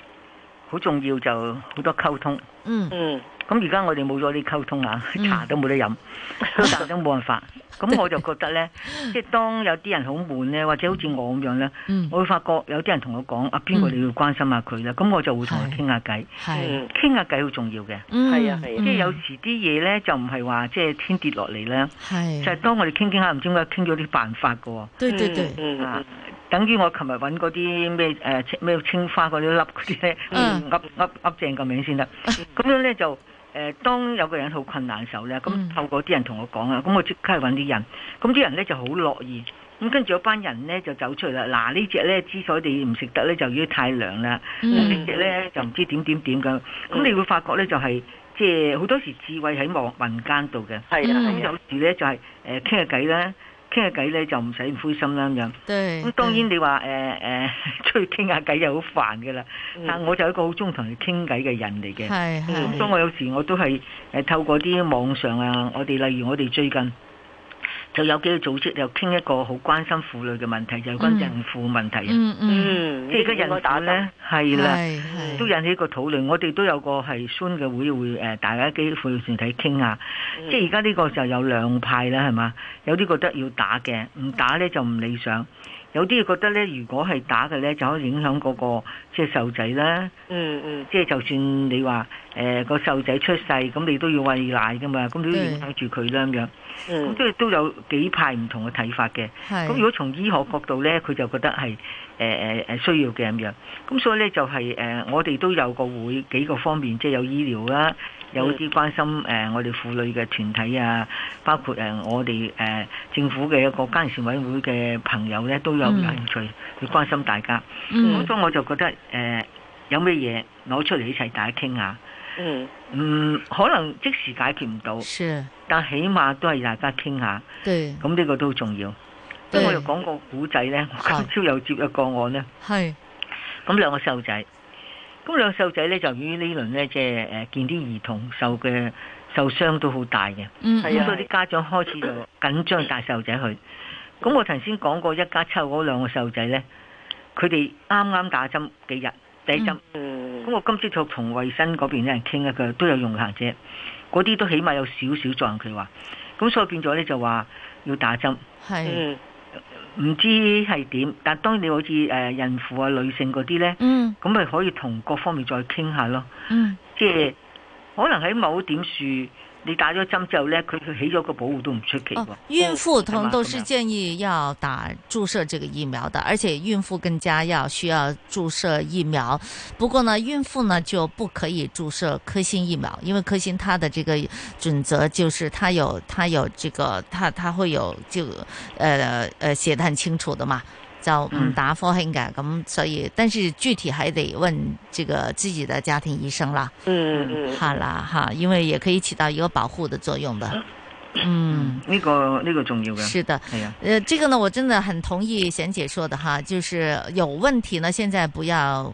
好重要就好多溝通，嗯，咁而家我哋冇咗啲溝通啊，茶都冇得飲，嗯、都冇得辦法。咁 <laughs> 我就覺得咧，即係當有啲人好悶咧，或者好似我咁樣咧、嗯，我會發覺有啲人同我講，啊，邊個、嗯、你要關心下佢啦。咁我就會同佢傾下偈，傾下偈好重要嘅，係啊，啊啊嗯、即係有時啲嘢咧就唔係話即係天跌落嚟啦，就係當我哋傾傾下，下，唔知點解傾咗啲辦法噶喎。對對對，嗯。等於我琴日揾嗰啲咩誒咩青花嗰啲粒嗰啲咧，噏噏噏正個名先得。咁樣咧就誒，當有個人好困難嘅時候咧，咁、mm. 透過啲人同我講啊，咁我即刻揾啲人。咁啲人咧就好樂意。咁跟住有班人咧就走出嚟啦。嗱呢隻咧之所以唔食得咧，就已經太涼啦。呢隻咧就唔知點點點咁。咁你會發覺咧，就係即係好多時智慧喺望民間度嘅。係啦，有、mm. 時咧就係誒傾下偈啦。呃聊聊傾下偈咧就唔使灰心啦，咁，咁當然你話誒誒出去傾下偈又好煩嘅啦，但我就係一個好中意同你傾偈嘅人嚟嘅，咁、嗯、所以我有時我都係誒透過啲網上啊，我哋例如我哋最近。就有幾個組織又傾一個好關心婦女嘅問題，就係關孕婦問題。嗯嗯，嗯，即係而家孕婦打咧，係、嗯、啦、嗯，都引起一個討論。我哋都有個係孫嘅會，會誒大家幾婦女團體傾下。嗯、即係而家呢個就有兩派啦，係嘛？有啲覺得要打嘅，唔打咧就唔理想。嗯有啲覺得咧，如果係打嘅咧，就可以影響嗰個即係細路仔啦。嗯嗯，即係就算你話誒個細路仔出世，咁你都要餵奶噶嘛，咁你都影響住佢啦咁樣。嗯，咁即係都有幾派唔同嘅睇法嘅。咁如果從醫學角度咧，佢就覺得係誒、呃、需要嘅咁樣。咁所以咧就係、是、誒、呃，我哋都有個會幾個方面，即係有醫療啦。有啲關心誒、呃，我哋婦女嘅團體啊，包括誒、呃、我哋誒、呃、政府嘅一個家庭委會嘅朋友咧，都有興趣去，去關心大家。咁、嗯、所以我就覺得誒、呃，有咩嘢攞出嚟一齊大家傾下。嗯，嗯，可能即時解決唔到，但起碼都係大家傾下。對，咁呢個都好重要。咁我又講個古仔咧，今朝有接一個案咧，係，咁兩個細路仔。咁兩個細路仔咧，就於呢輪咧，即係誒，見啲兒童受嘅受傷都好大嘅，咁所以啲家長開始就緊張帶細路仔去。咁、嗯、我頭先講過一家抽嗰兩個細路仔咧，佢哋啱啱打針幾日第一針，咁、嗯、我今朝就同衛生嗰邊啲人傾一嘅，都有用下者嗰啲，都起碼有少少作用，佢話。咁所以變咗咧，就話要打針。係。嗯唔知係點，但當然你好似誒孕婦啊、女性嗰啲咧，咁、嗯、咪可以同各方面再傾下咯。即、嗯、係、就是、可能喺某點樹。你打咗針之後咧，佢佢起咗個保護都唔出奇、哦、孕婦同都是建議要打注射這個疫苗的，而且孕婦更加要需要注射疫苗。不過呢，孕婦呢就不可以注射科興疫苗，因為科興它的這個準則就是，它有它有這個，它它會有就，呃呃寫得很清楚的嘛。就唔打科興嘅，咁所以，但是具體還得問這個自己的家庭醫生啦。嗯嗯嗯，係啦哈，因為也可以起到一個保護的作用的。嗯，呢、這個呢、這個重要嘅。是的，係啊。誒、呃，這個呢，我真的很同意嫻姐說的哈，就是有問題呢，現在不要。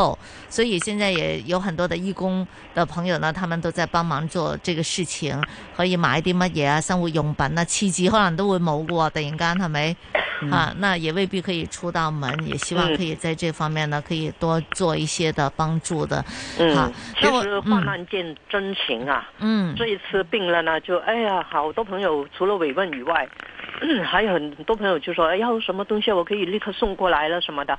哦、所以現在也有很多的義工的朋友呢，他們都在幫忙做這個事情，可以買一啲乜嘢啊，生活用品啊，契機可能都會謀過的。等於講他們啊，那也未必可以出到門，也希望可以在這方面呢，嗯、可以多做一些的幫助的。嗯，啊、其實患、嗯、難見真情啊。嗯，這一次病了呢，就哎呀，好多朋友除了慰問以外，還有很多朋友就說，哎要什麼東西，我可以立刻送過來了什麼的。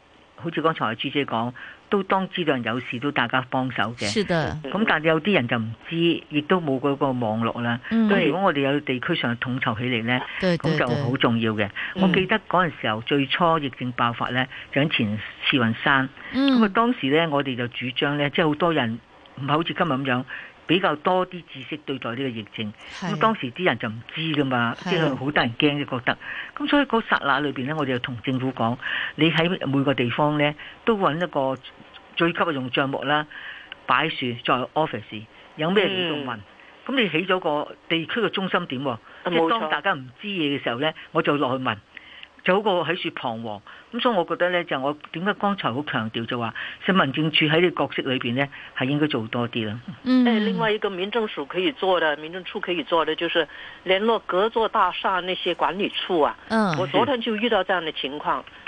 好似剛才阿朱姐講，都當知道人有事都大家幫手嘅。咁但係有啲人就唔知道，亦都冇嗰個網絡啦。咁、嗯、如果我哋有地區上的統籌起嚟呢，咁就好重要嘅。我記得嗰陣時候、嗯、最初疫症爆發呢，就喺前慈雲山。咁、嗯、啊當時呢，我哋就主張呢，即係好多人唔係好似今日咁樣。比較多啲知識對待呢個疫情，咁當時啲人就唔知㗎嘛，即係好得人驚嘅覺得，咁所以嗰剎那裏邊咧，我哋就同政府講，你喺每個地方咧都搵一個最急嘅用帳幕啦，擺在樹在 office，有咩要問，咁、嗯、你起咗個地區嘅中心點、啊，即係當大家唔知嘢嘅時候咧，我就落去問。就好過喺處彷徨，咁所以我覺得咧，就我點解剛才好強調就話，新民政處喺個角色裏邊咧，係應該做多啲啦。嗯，另外一個民政署可以做的，民政處可以做的，就是聯絡各座大廈那些管理處啊。嗯、哦，我昨天就遇到這樣的情況。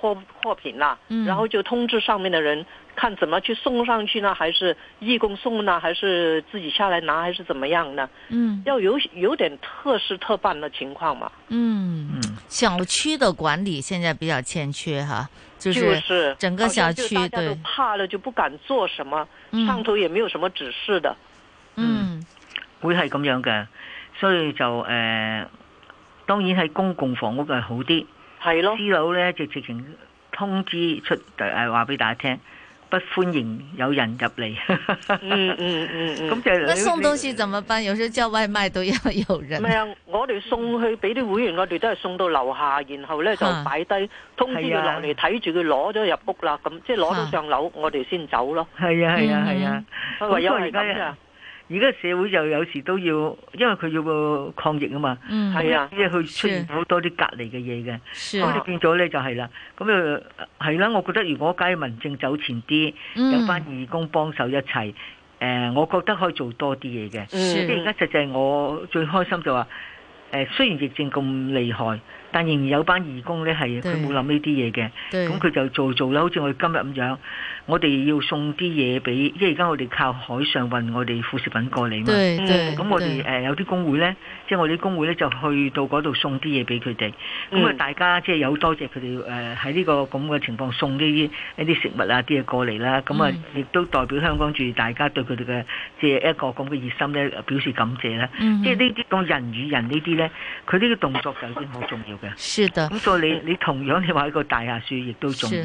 貨貨品啦，然後就通知上面的人，嗯，看怎麼去送上去呢？還是義工送呢？還是自己下來拿？還是怎麼樣呢？嗯，要有有點特事特辦的情況嘛嗯。嗯，小區的管理現在比較欠缺哈，就是整個小區、就是、就大家都對，怕了就不敢做什麼，嗯，上頭也沒有什麼指示的。嗯，嗯會係咁樣嘅，所以就誒、呃，當然係公共房屋係好啲。係咯，師佬咧就直情通知出嚟話俾大家聽，不歡迎有人入嚟。嗯嗯嗯嗯。咁即係。咁送東西怎麼辦？有時叫外賣都要有人。唔係啊，我哋送去俾啲會員，我哋都係送到樓下，然後咧就擺低通知佢落嚟睇住佢攞咗入屋啦，咁即係攞到上樓，我哋先走咯。係啊係啊係啊，唯有係咁啫。而家社會就有時都要，因為佢要個抗疫啊嘛，係、嗯、啊，啲佢出現好多啲隔離嘅嘢嘅，咁你、啊、變咗咧就係啦，咁就係啦、啊，我覺得如果街民政走前啲，有班義工幫手一齊、嗯呃，我覺得可以做多啲嘢嘅，即係而家就就我最開心就話、是，誒、呃，雖然疫症咁厲害，但仍然有班義工咧係佢冇諗呢啲嘢嘅，咁佢就做做啦，好似我哋今日咁樣。我哋要送啲嘢俾，即係而家我哋靠海上運我哋副食品過嚟嘛。咁、嗯、我哋、呃、有啲工會咧，即、就、係、是、我哋啲工會咧就去到嗰度送啲嘢俾佢哋。咁、嗯、啊，大家即係有多謝佢哋誒喺呢個咁嘅情況送啲一啲食物啊啲嘢過嚟啦。咁啊亦都代表香港住大家對佢哋嘅即係一個咁嘅熱心咧表示感謝啦。即係呢啲講人與人呢啲咧，佢呢啲動作就已經好重要嘅。是的。咁所以你你同樣你話一個大下樹亦都重要。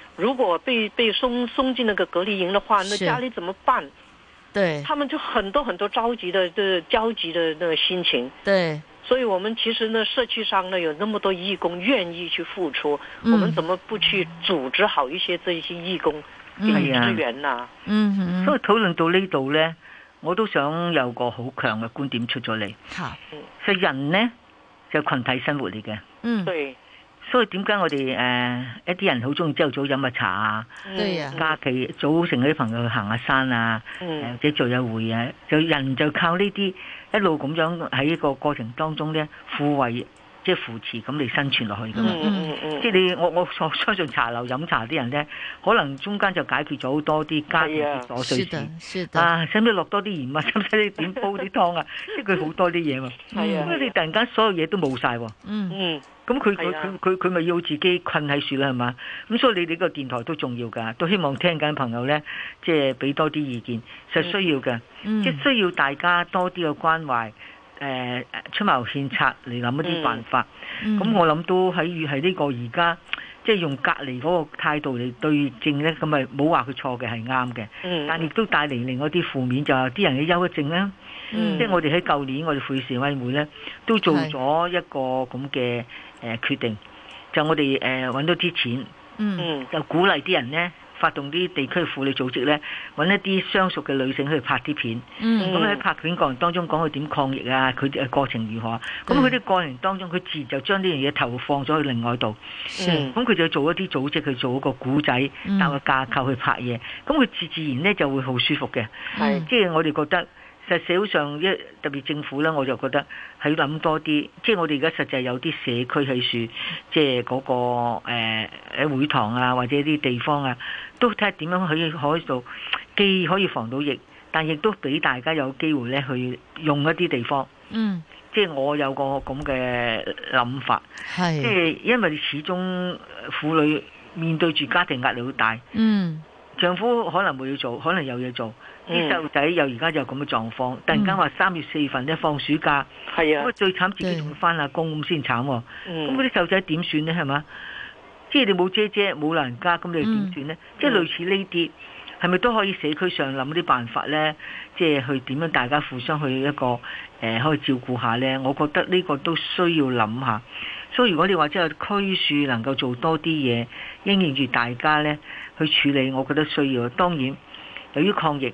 如果被被送送進那個隔離營的話，那家裏怎麼辦？對，他們就很多很多着急的、的焦急的那個心情。對，所以我們其實呢，社區上呢有那麼多義工願意去付出、嗯，我們怎麼不去組織好一些這些義工、志、嗯、支援呢？啊、嗯所以討論到呢度呢，我都想有個好強嘅觀點出咗嚟。吓，嗯。人呢，就群體生活嚟嘅。嗯。對。所以點解我哋誒、呃、一啲人好中意朝頭早飲下茶啊，假、mm -hmm. 期組成啲朋友去行下山啊，mm -hmm. 或者聚下會啊，就人就靠呢啲一路咁樣喺個過程當中咧，撫慰。即、就、係、是、扶持咁你生存落去噶嘛，嗯嗯嗯。即係你我我相信茶樓飲茶啲人咧，可能中間就解決咗好多啲家庭嘅瑣碎事，啊使唔使落多啲鹽啊？使唔使點煲啲湯啊？ <laughs> 即係佢好多啲嘢嘛。喎、嗯。咁你突然間所有嘢都冇晒喎。嗯嗯，咁佢佢佢佢佢咪要自己困喺樹啦係嘛？咁所以你哋個電台都重要㗎，都希望聽緊朋友咧，即係俾多啲意見，實需要嘅、嗯嗯，即係需要大家多啲嘅關懷。誒出謀獻策嚟諗一啲辦法，咁、嗯嗯、我諗都喺係呢個而家，即、就、係、是、用隔離嗰個態度嚟對症咧，咁咪冇話佢錯嘅係啱嘅，但亦都帶嚟另外一啲負面，就係啲人嘅憂鬱症啦、嗯。即係我哋喺舊年，我哋婦事委會咧都做咗一個咁嘅決定，就我哋搵、呃、到啲錢，嗯，就鼓勵啲人咧。發動啲地區的婦女組織咧，揾一啲相熟嘅女性去拍啲片，咁、嗯、喺拍片過程當中講佢點抗疫啊，佢誒過程如何？咁佢啲過程當中，佢自然就將呢樣嘢投放咗去另外度，咁佢就做一啲組織去做一個古仔，搭、嗯、個架構去拍嘢，咁佢自自然咧就會好舒服嘅、嗯，即係我哋覺得。其實社會上一特別政府啦，我就覺得係要諗多啲。即係我哋而家實際有啲社區喺處，即係、那、嗰個誒誒、呃、會堂啊，或者啲地方啊，都睇下點樣可以可以做，既可以防到疫，但亦都俾大家有機會咧去用一啲地方。嗯，即係我有個咁嘅諗法。係，即、就、係、是、因為始終婦女面對住家庭壓力好大。嗯，丈夫可能冇嘢做，可能有嘢做。啲細路仔又而家又咁嘅狀況，突然間話三月四月份咧放暑假，嗯，不過最慘自己仲要返下工咁先慘喎。咁嗰啲細路仔點算咧？係咪？即係你冇姐姐冇老人家，咁你點算咧，嗯？即係類似呢啲，係咪都可以社區上諗啲辦法咧？即係去點樣大家互相去一個誒、呃、可以照顧下咧？我覺得呢個都需要諗下。所以如果你話即係區署能夠做多啲嘢，應應住大家咧去處理，我覺得需要。當然由於抗疫。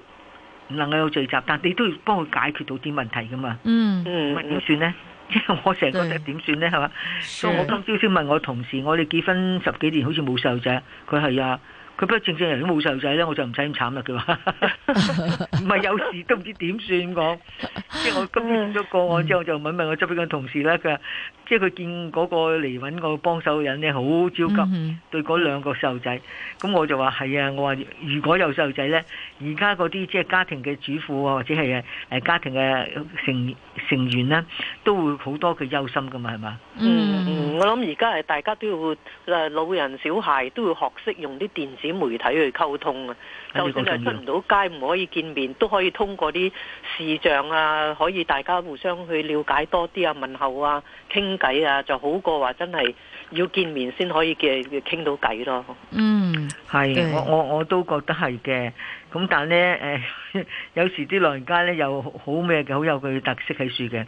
唔能夠有聚集，但你都要幫佢解決到啲問題噶嘛？嗯嗯，唔點算呢？即係我成個隻點算呢？係嘛？所以我今朝先問我同事，我哋結婚十幾年好似冇細路仔，佢係啊。佢不過正正人都冇細路仔咧，我就唔使咁慘啦。佢話唔係有事都唔知點算咁講，即係我今日見咗個案之後，嗯、就問問我周邊嘅同事呢，佢話即係佢見嗰個嚟揾我幫手嘅人咧，好焦急，對嗰兩個細路仔。咁、嗯嗯、我就話係啊，我話如果有細路仔咧，而家嗰啲即係家庭嘅主婦啊，或者係家庭嘅成成員咧，都會好多佢憂心噶嘛，係嘛？嗯嗯，我諗而家大家都要老人小孩都要學識用啲電子。啲媒體去溝通啊，就算係出唔到街，唔可以見面，都可以通過啲視像啊，可以大家互相去了解多啲啊，問候啊，傾偈啊，就好過話真係要見面先可以嘅傾到偈咯。嗯，係，我我我都覺得係嘅。咁但係咧，誒、哎，有時啲老人家咧又好咩嘅，好有佢特色喺處嘅，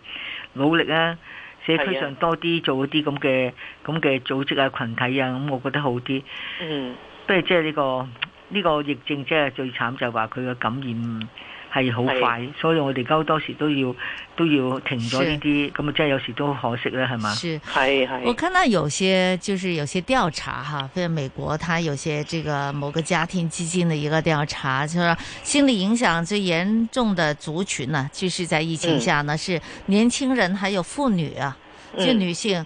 努力啊，社區上多啲做一啲咁嘅咁嘅組織啊、群體啊，咁我覺得好啲。嗯。都係即係呢個呢、呢個疫症，即係最慘就係話佢嘅感染係好快是，所以我哋而家多時都要都要停咗呢啲，咁啊真係有時都可惜啦，係嘛？是係係。我看到有些就是有些調查哈，譬如美國，它有些這個某個家庭基金嘅一個調查，就話、是、心理影響最嚴重的族群呢、啊，就是在疫情下呢，嗯、是年輕人，還有婦女啊，即、嗯、女性。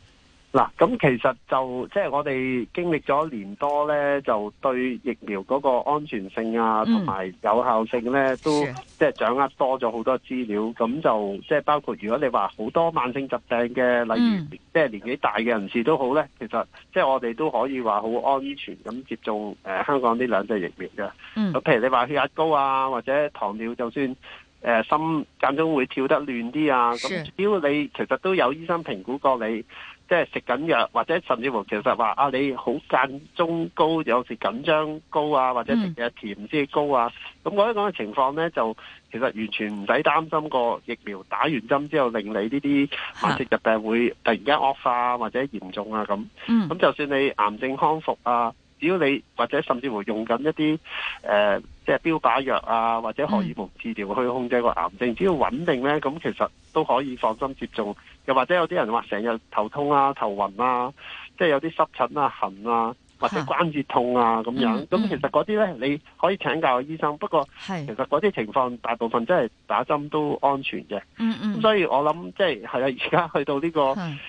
嗱，咁其實就即係、就是、我哋經歷咗一年多咧，就對疫苗嗰個安全性啊，同、嗯、埋有，有效性咧，都即係掌握多咗好多資料。咁就即係包括如果你話好多慢性疾病嘅，例如、嗯、即係年紀大嘅人士都好咧，其實即係我哋都可以話好安全咁接種誒、呃、香港呢兩隻疫苗嘅。咁、嗯、譬如你話血壓高啊，或者糖尿，就算誒、呃、心間中會跳得亂啲啊，咁只要你其實都有醫生評估過你。即係食緊藥，或者甚至乎其實話啊，你好間中高，有時緊張高啊，或者食嘢甜先高啊。咁、嗯、我、嗰個、一咁嘅情況咧，就其實完全唔使擔心個疫苗打完針之後令你呢啲慢性疾病會突然間惡化、啊、或者嚴重啊咁。咁、嗯、就算你癌症康復啊。只要你或者甚至乎用緊一啲誒、呃、即係標靶藥啊，或者荷爾蒙治療去控制個癌症，嗯、只要穩定咧，咁其實都可以放心接種。又或者有啲人話成日頭痛啊、頭暈啊，即係有啲濕疹啊、痕啊，或者關節痛啊咁樣，咁、嗯嗯、其實嗰啲咧，你可以請教醫生。不過其實嗰啲情況大部分真係打針都安全嘅。嗯嗯。所以我諗即係係啊，而家去到呢個。嗯嗯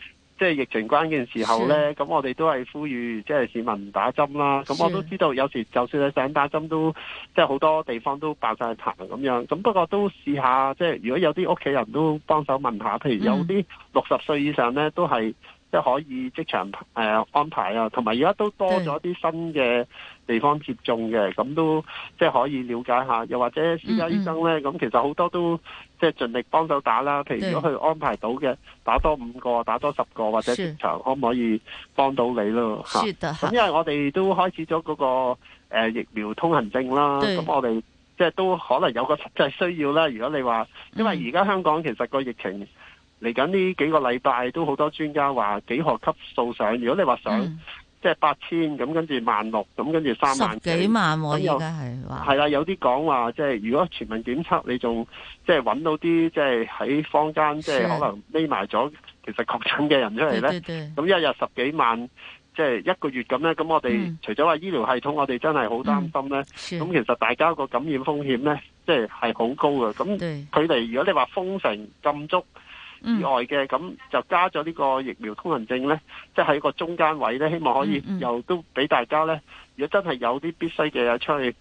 即係疫情關鍵時候咧，咁我哋都係呼籲，即係市民打針啦。咁我都知道，有時就算係想打針都，即係好多地方都爆晒棚咁樣。咁不過都試下，即係如果有啲屋企人都幫手問下，譬如有啲六十歲以上咧，都係即係可以即場誒安排啊。同埋而家都多咗啲新嘅地方接種嘅，咁都即係可以了解下。又或者私家醫生咧，咁、嗯嗯、其實好多都。即、就、係、是、盡力幫手打啦，譬如如果佢安排到嘅，打多五個、打多十個或者啲場，可唔可以幫到你咯？咁、啊、因為我哋都開始咗嗰、那個、呃、疫苗通行證啦，咁我哋即係都可能有個實際需要啦。如果你話，因為而家香港其實個疫情嚟緊呢幾個禮拜都好多專家話幾何級數上。如果你話上即係八千咁，嗯就是、8, 000，跟住萬六咁，跟住三萬幾萬我係啦，有啲講話即係如果全民檢測，你仲即係揾到啲即係喺坊間即係可能匿埋咗其實確診嘅人出嚟咧，咁一日十幾萬，即係一個月咁咧，咁我哋除咗話醫療系統，我哋真係好擔心咧。咁、嗯、其實大家個感染風險咧，即係係好高嘅。咁佢哋如果你話封城禁足以外嘅，咁、嗯、就加咗呢個疫苗通行證咧，即係喺個中間位咧，希望可以又都俾大家咧、嗯嗯，如果真係有啲必須嘅嘢出去。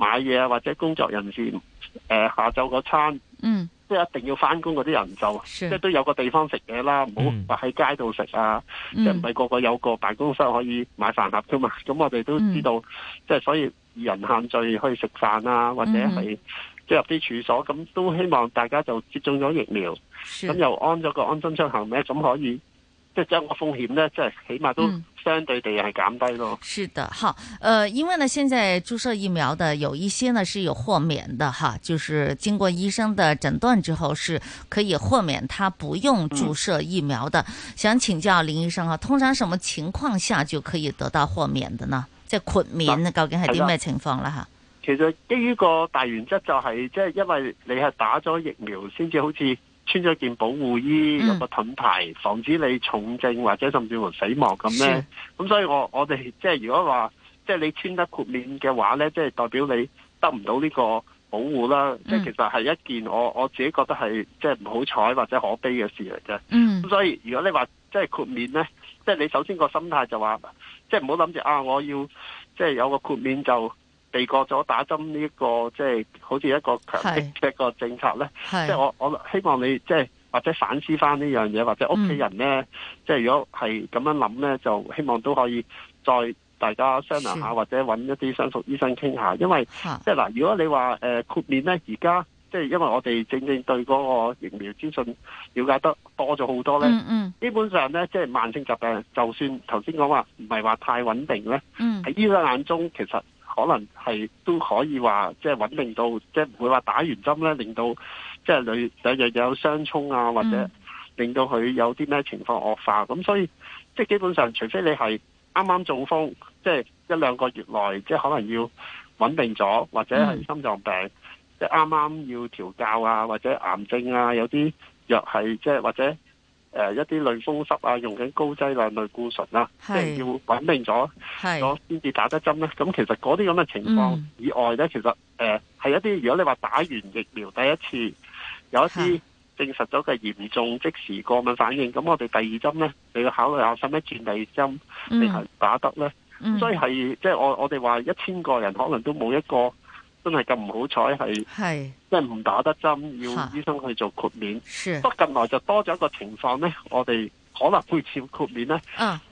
買嘢啊，或者工作人士誒、呃、下晝嗰餐，即、嗯、一定要返工嗰啲人就，即係都有個地方食嘢啦，唔好話喺街度食啊，又唔係個個有個辦公室可以買飯盒㗎嘛，咁我哋都知道，即、嗯、係、就是、所以人限聚可以食飯啊，嗯、或者係即入啲處所，咁都希望大家就接種咗疫苗，咁又安咗個安心出行咩，咁可以。即係將個風險咧，即係起碼都相對地係減低咯、嗯。是的，好，呃，因為呢，現在注射疫苗的有一些呢是有豁免的，哈，就是經過醫生的診斷之後，是可以豁免，他不用注射疫苗的。嗯、想請教林醫生，啊，通常什麼情況下就可以得到豁免的呢？即係豁免，究竟係啲咩情況啦？吓，其實基於個大原則就係、是，即係因為你係打咗疫苗，先至好似。穿咗件保護衣有個盾牌，防止你重症或者甚至乎死亡咁咧。咁、嗯、所以我我哋即係如果話即係你穿得豁免嘅話咧，即係代表你得唔到呢個保護啦。嗯、即係其實係一件我我自己覺得係即係唔好彩或者可悲嘅事嚟啫。咁、嗯、所以如果你話即係豁免咧，即係你首先個心態就話，即係唔好諗住啊，我要即係有個豁免就。避過咗打針呢、這、一個，即、就、係、是、好似一個強迫嘅個政策咧。即係我我希望你即係或者反思翻呢樣嘢，或者屋企人咧、嗯，即係如果係咁樣諗咧，就希望都可以再大家商量下，或者揾一啲相熟醫生傾下。因為即係嗱，如果你話誒豁免咧，而、呃、家即係因為我哋正正對嗰個疫苗資訊了解得多咗好多咧、嗯嗯，基本上咧即係慢性疾病，就算頭先講話唔係話太穩定咧，喺醫生眼中其實。可能係都可以話，即係穩定到，即係唔會話打完針咧，令到即係兩兩日有相沖啊，或者令到佢有啲咩情況惡化。咁、嗯、所以即係、就是、基本上，除非你係啱啱中風，即、就、係、是、一兩個月內，即、就、係、是、可能要穩定咗，或者係心臟病，即係啱啱要調教啊，或者癌症啊，有啲藥係即係或者。誒、呃，一啲類風濕啊，用緊高劑量類固醇啊，即係要穩定咗，咗先至打得針咧。咁其實嗰啲咁嘅情況以外咧，其實誒係、嗯呃、一啲，如果你話打完疫苗第一次有一啲證實咗嘅嚴重即時過敏反應，咁我哋第二針咧，你要考慮下使咩轉第二針你係打得咧、嗯嗯。所以係即係我我哋話一千個人可能都冇一個。真係咁唔好彩，係即係唔打得針，要醫生去做豁免。不過近來就多咗一個情況咧，我哋可能背後豁免咧，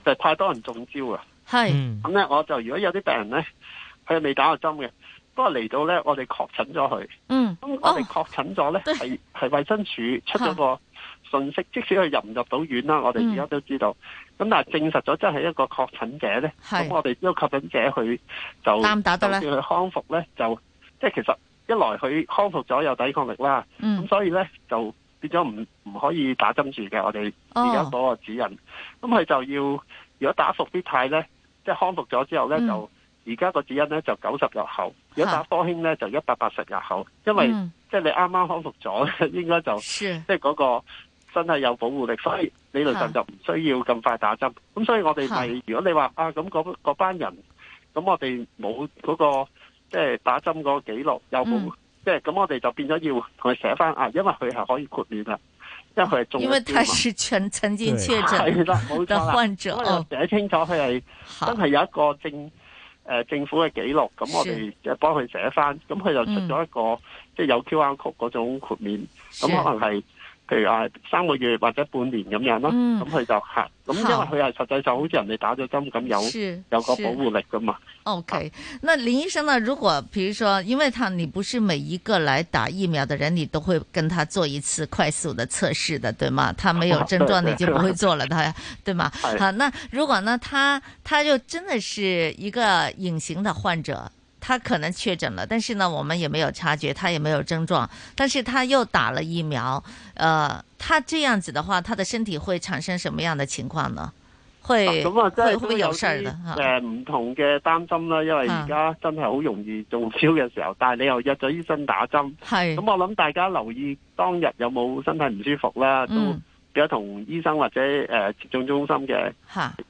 就太多人中招啊。咁咧，嗯、我就如果有啲病人咧，佢未打過針嘅，不過嚟到咧，我哋確診咗佢。咁、嗯、我哋確診咗咧，係係衛生署出咗個信息，即使佢入唔入到院啦，我哋而家都知道。咁、嗯、但係證實咗真係一個確診者咧，咁、嗯、我哋都確診者佢就，啱打得啦，當住佢康復咧就。即係其實一來佢康復咗有抵抗力啦，咁、嗯、所以咧就變咗唔唔可以打針住嘅。我哋而家嗰個指引，咁、哦、佢就要如果打復必泰咧，即、就、係、是、康復咗之後咧、嗯，就而家個指引咧就九十日後、嗯，如果打科興咧就一百八十日後，因為、嗯、即係你啱啱康復咗，應該就即係嗰個身體有保護力，所以理論上就唔需要咁快打針。咁所以我哋係如果你話啊咁嗰嗰班人，咁我哋冇嗰個。即、就、係、是、打針個記錄有冇？即係咁，就是、我哋就變咗要同佢寫翻啊，因為佢係可以豁免啦，因為佢係中。因為佢係曾曾經確診的患者， <laughs> 患者我寫清楚佢係真係有一個政、誒政府嘅記錄，咁我哋就幫佢寫翻。咁佢就出咗一個即係有 QR code 嗰種豁免，咁可能係。譬如啊，三個月或者半年咁樣咯，咁、嗯、佢就嚇，咁因為佢係實際上好似人哋打咗針咁有有個保護力噶嘛。OK，、啊、那林醫生呢？如果譬如說，因為他你不是每一個來打疫苗的人，你都會跟他做一次快速的測試的，對嗎他沒有症狀、啊、你就不會做了，他對嗎？ <laughs> 好，那如果呢，他他就真的是一個隱形的患者。他可能確診了，但是呢，我們也沒有察覺，他也沒有症狀，但是他又打了疫苗，呃，他這樣子的話，他的身體會產生什麼樣的情況呢？會、啊啊、會不會有事兒的？呃，唔同嘅擔心啦，因為而家真係好容易中招嘅時候，但係你又約咗醫生打針，係，咁、嗯、我諗大家留意當日有冇身體唔舒服啦，都。而家同醫生或者誒、呃、接種中心嘅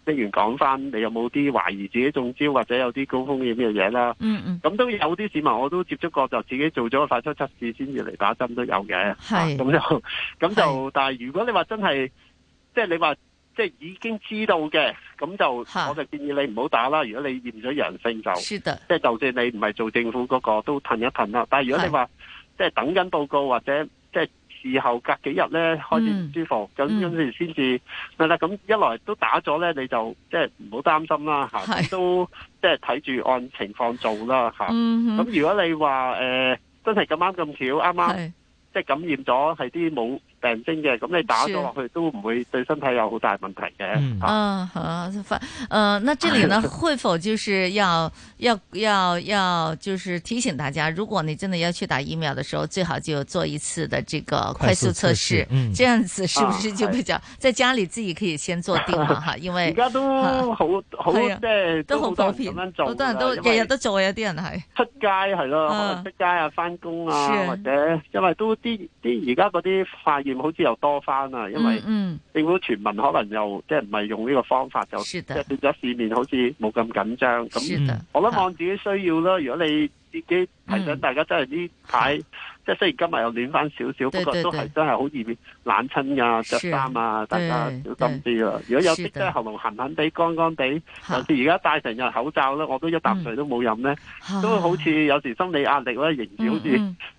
職員講翻，你有冇啲懷疑自己中招或者有啲高風險嘅嘢啦？嗯嗯，咁都有啲市民我都接觸過，就自己做咗個快速測試先至嚟打針都有嘅。咁就咁就，就是但係如果你話真係，即、就、係、是、你話即係已經知道嘅，咁就我就建議你唔好打啦。如果你驗咗陽性就，即係就算你唔係做政府嗰、那個都停一停啦。但係如果你話即係等緊報告或者。事後隔幾日咧，開始唔舒服，咁跟住先先至，係啦。咁、嗯、一來都打咗咧，你就即係唔好擔心啦，吓，都即係睇住按情況做啦，吓、嗯。咁如果你話誒、呃，真係咁啱咁巧，啱啱即係感染咗係啲冇。病徵嘅，咁你打咗落去都唔會對身體有好大問題嘅。嗯，好、啊，發。呃，那這裏呢 <laughs> 會否就是要要要要，要要就是提醒大家，如果你真的要去打疫苗的時候，最好就做一次的這個快速測試，嗯，這樣子是不是就比較？啊、在家裏自己可以先做定啦，哈，因為而家都好，好、啊，即係都好多片，好多人都日日都做，有啲人係出街係咯，可能出街啊，翻工啊，或者因為都啲啲而家嗰啲快。好似又多翻啦，因為政府全民可能又即係唔係用呢個方法，就即係變咗市面好似冇咁緊張。咁我諗望自己需要咯。如果你自己提醒大家真係呢排，即係雖然今日又暖翻少少，不過都係真係好易冷親啊，着衫啊，大家小心啲啦。如果有啲真係喉嚨痕痕地，乾乾地，就似而家戴成日口罩咧，我都一啖水都冇飲咧，都好似有時心理壓力咧，仍然好似。 <laughs>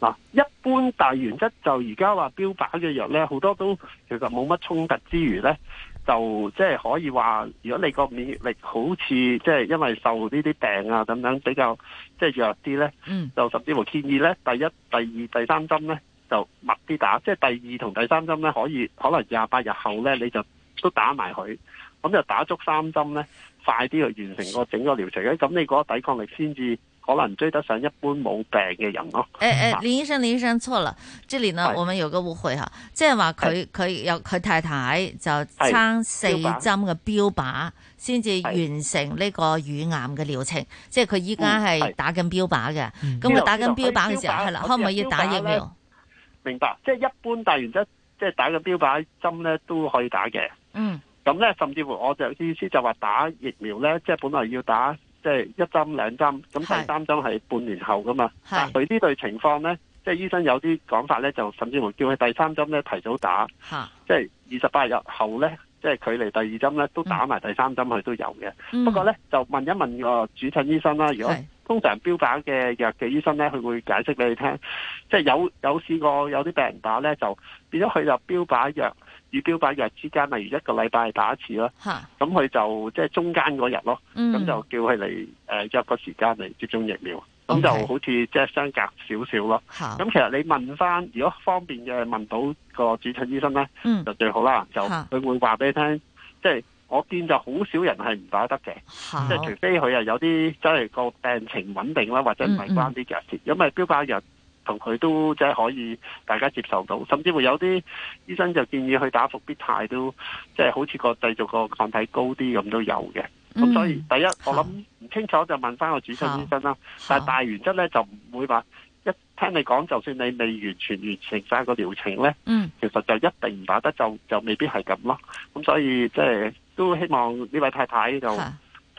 嗱，一般大原則就而家話標靶嘅藥咧，好多都其實冇乜衝突之餘咧，就即係可以話，如果你個免疫力好似即係因為受呢啲病啊，咁樣比較即係弱啲咧，就甚至乎建議咧，第一、第二、第三針咧就密啲打，即係第二同第三針咧可以可能廿八日後咧你就都打埋佢，咁就打足三針咧，快啲去完成個整個療程嘅，咁你個抵抗力先至。可能追得上一般冇病嘅人咯、啊。誒、哎、誒、哎，林醫生，林醫生錯啦，這裡呢，我們有個誤會嚇，即係話佢佢有佢太太就撐四針嘅標靶，先至完成呢個乳癌嘅療程。即係佢依家係打緊標靶嘅，咁佢、嗯、打緊標靶嘅時候，係、嗯、啦，可唔可以打疫苗？明白，即係一般大原則，即係打緊標靶針咧都可以打嘅。嗯。咁咧，甚至乎我就意思就話打疫苗咧，即係本來要打。即係一針兩針，咁第三針係半年後噶嘛？但佢呢對情況呢，即係醫生有啲講法呢，就甚至乎叫佢第三針呢提早打，即係二十八日後呢，即係距離第二針呢都打埋第三針佢、嗯、都有嘅。不過呢，就問一問個主診醫生啦，如果通常標靶嘅藥嘅醫生呢，佢會解釋俾你聽，即係有有試過有啲病人打呢，就變咗佢就標靶藥。與標靶藥之間，例如一個禮拜打一次，那他那咯，咁佢就即係中間嗰日咯，咁就叫佢嚟誒一個時間嚟接種疫苗，咁、嗯、就好似、okay. 即係相隔少少咯。咁其實你問翻，如果方便嘅問到個主診醫生咧、嗯，就最好啦，就佢會話俾你聽。即係我見就好少人係唔打得嘅，即係除非佢係有啲真係個病情穩定啦，或者唔係關啲嘅事、嗯嗯，因為標靶藥。同佢都即係可以，大家接受到，甚至會有啲醫生就建議去打伏必泰，都即係好似個製造個抗體高啲咁都有嘅。咁、嗯、所以第一，嗯、我諗唔清楚就問翻個主診醫生啦、嗯。但係大原則咧就唔會話，一聽你講，就算你未完全完成晒個療程咧，嗯，其實就一定唔打得就就未必係咁咯。咁所以即係都希望呢位太太就。嗯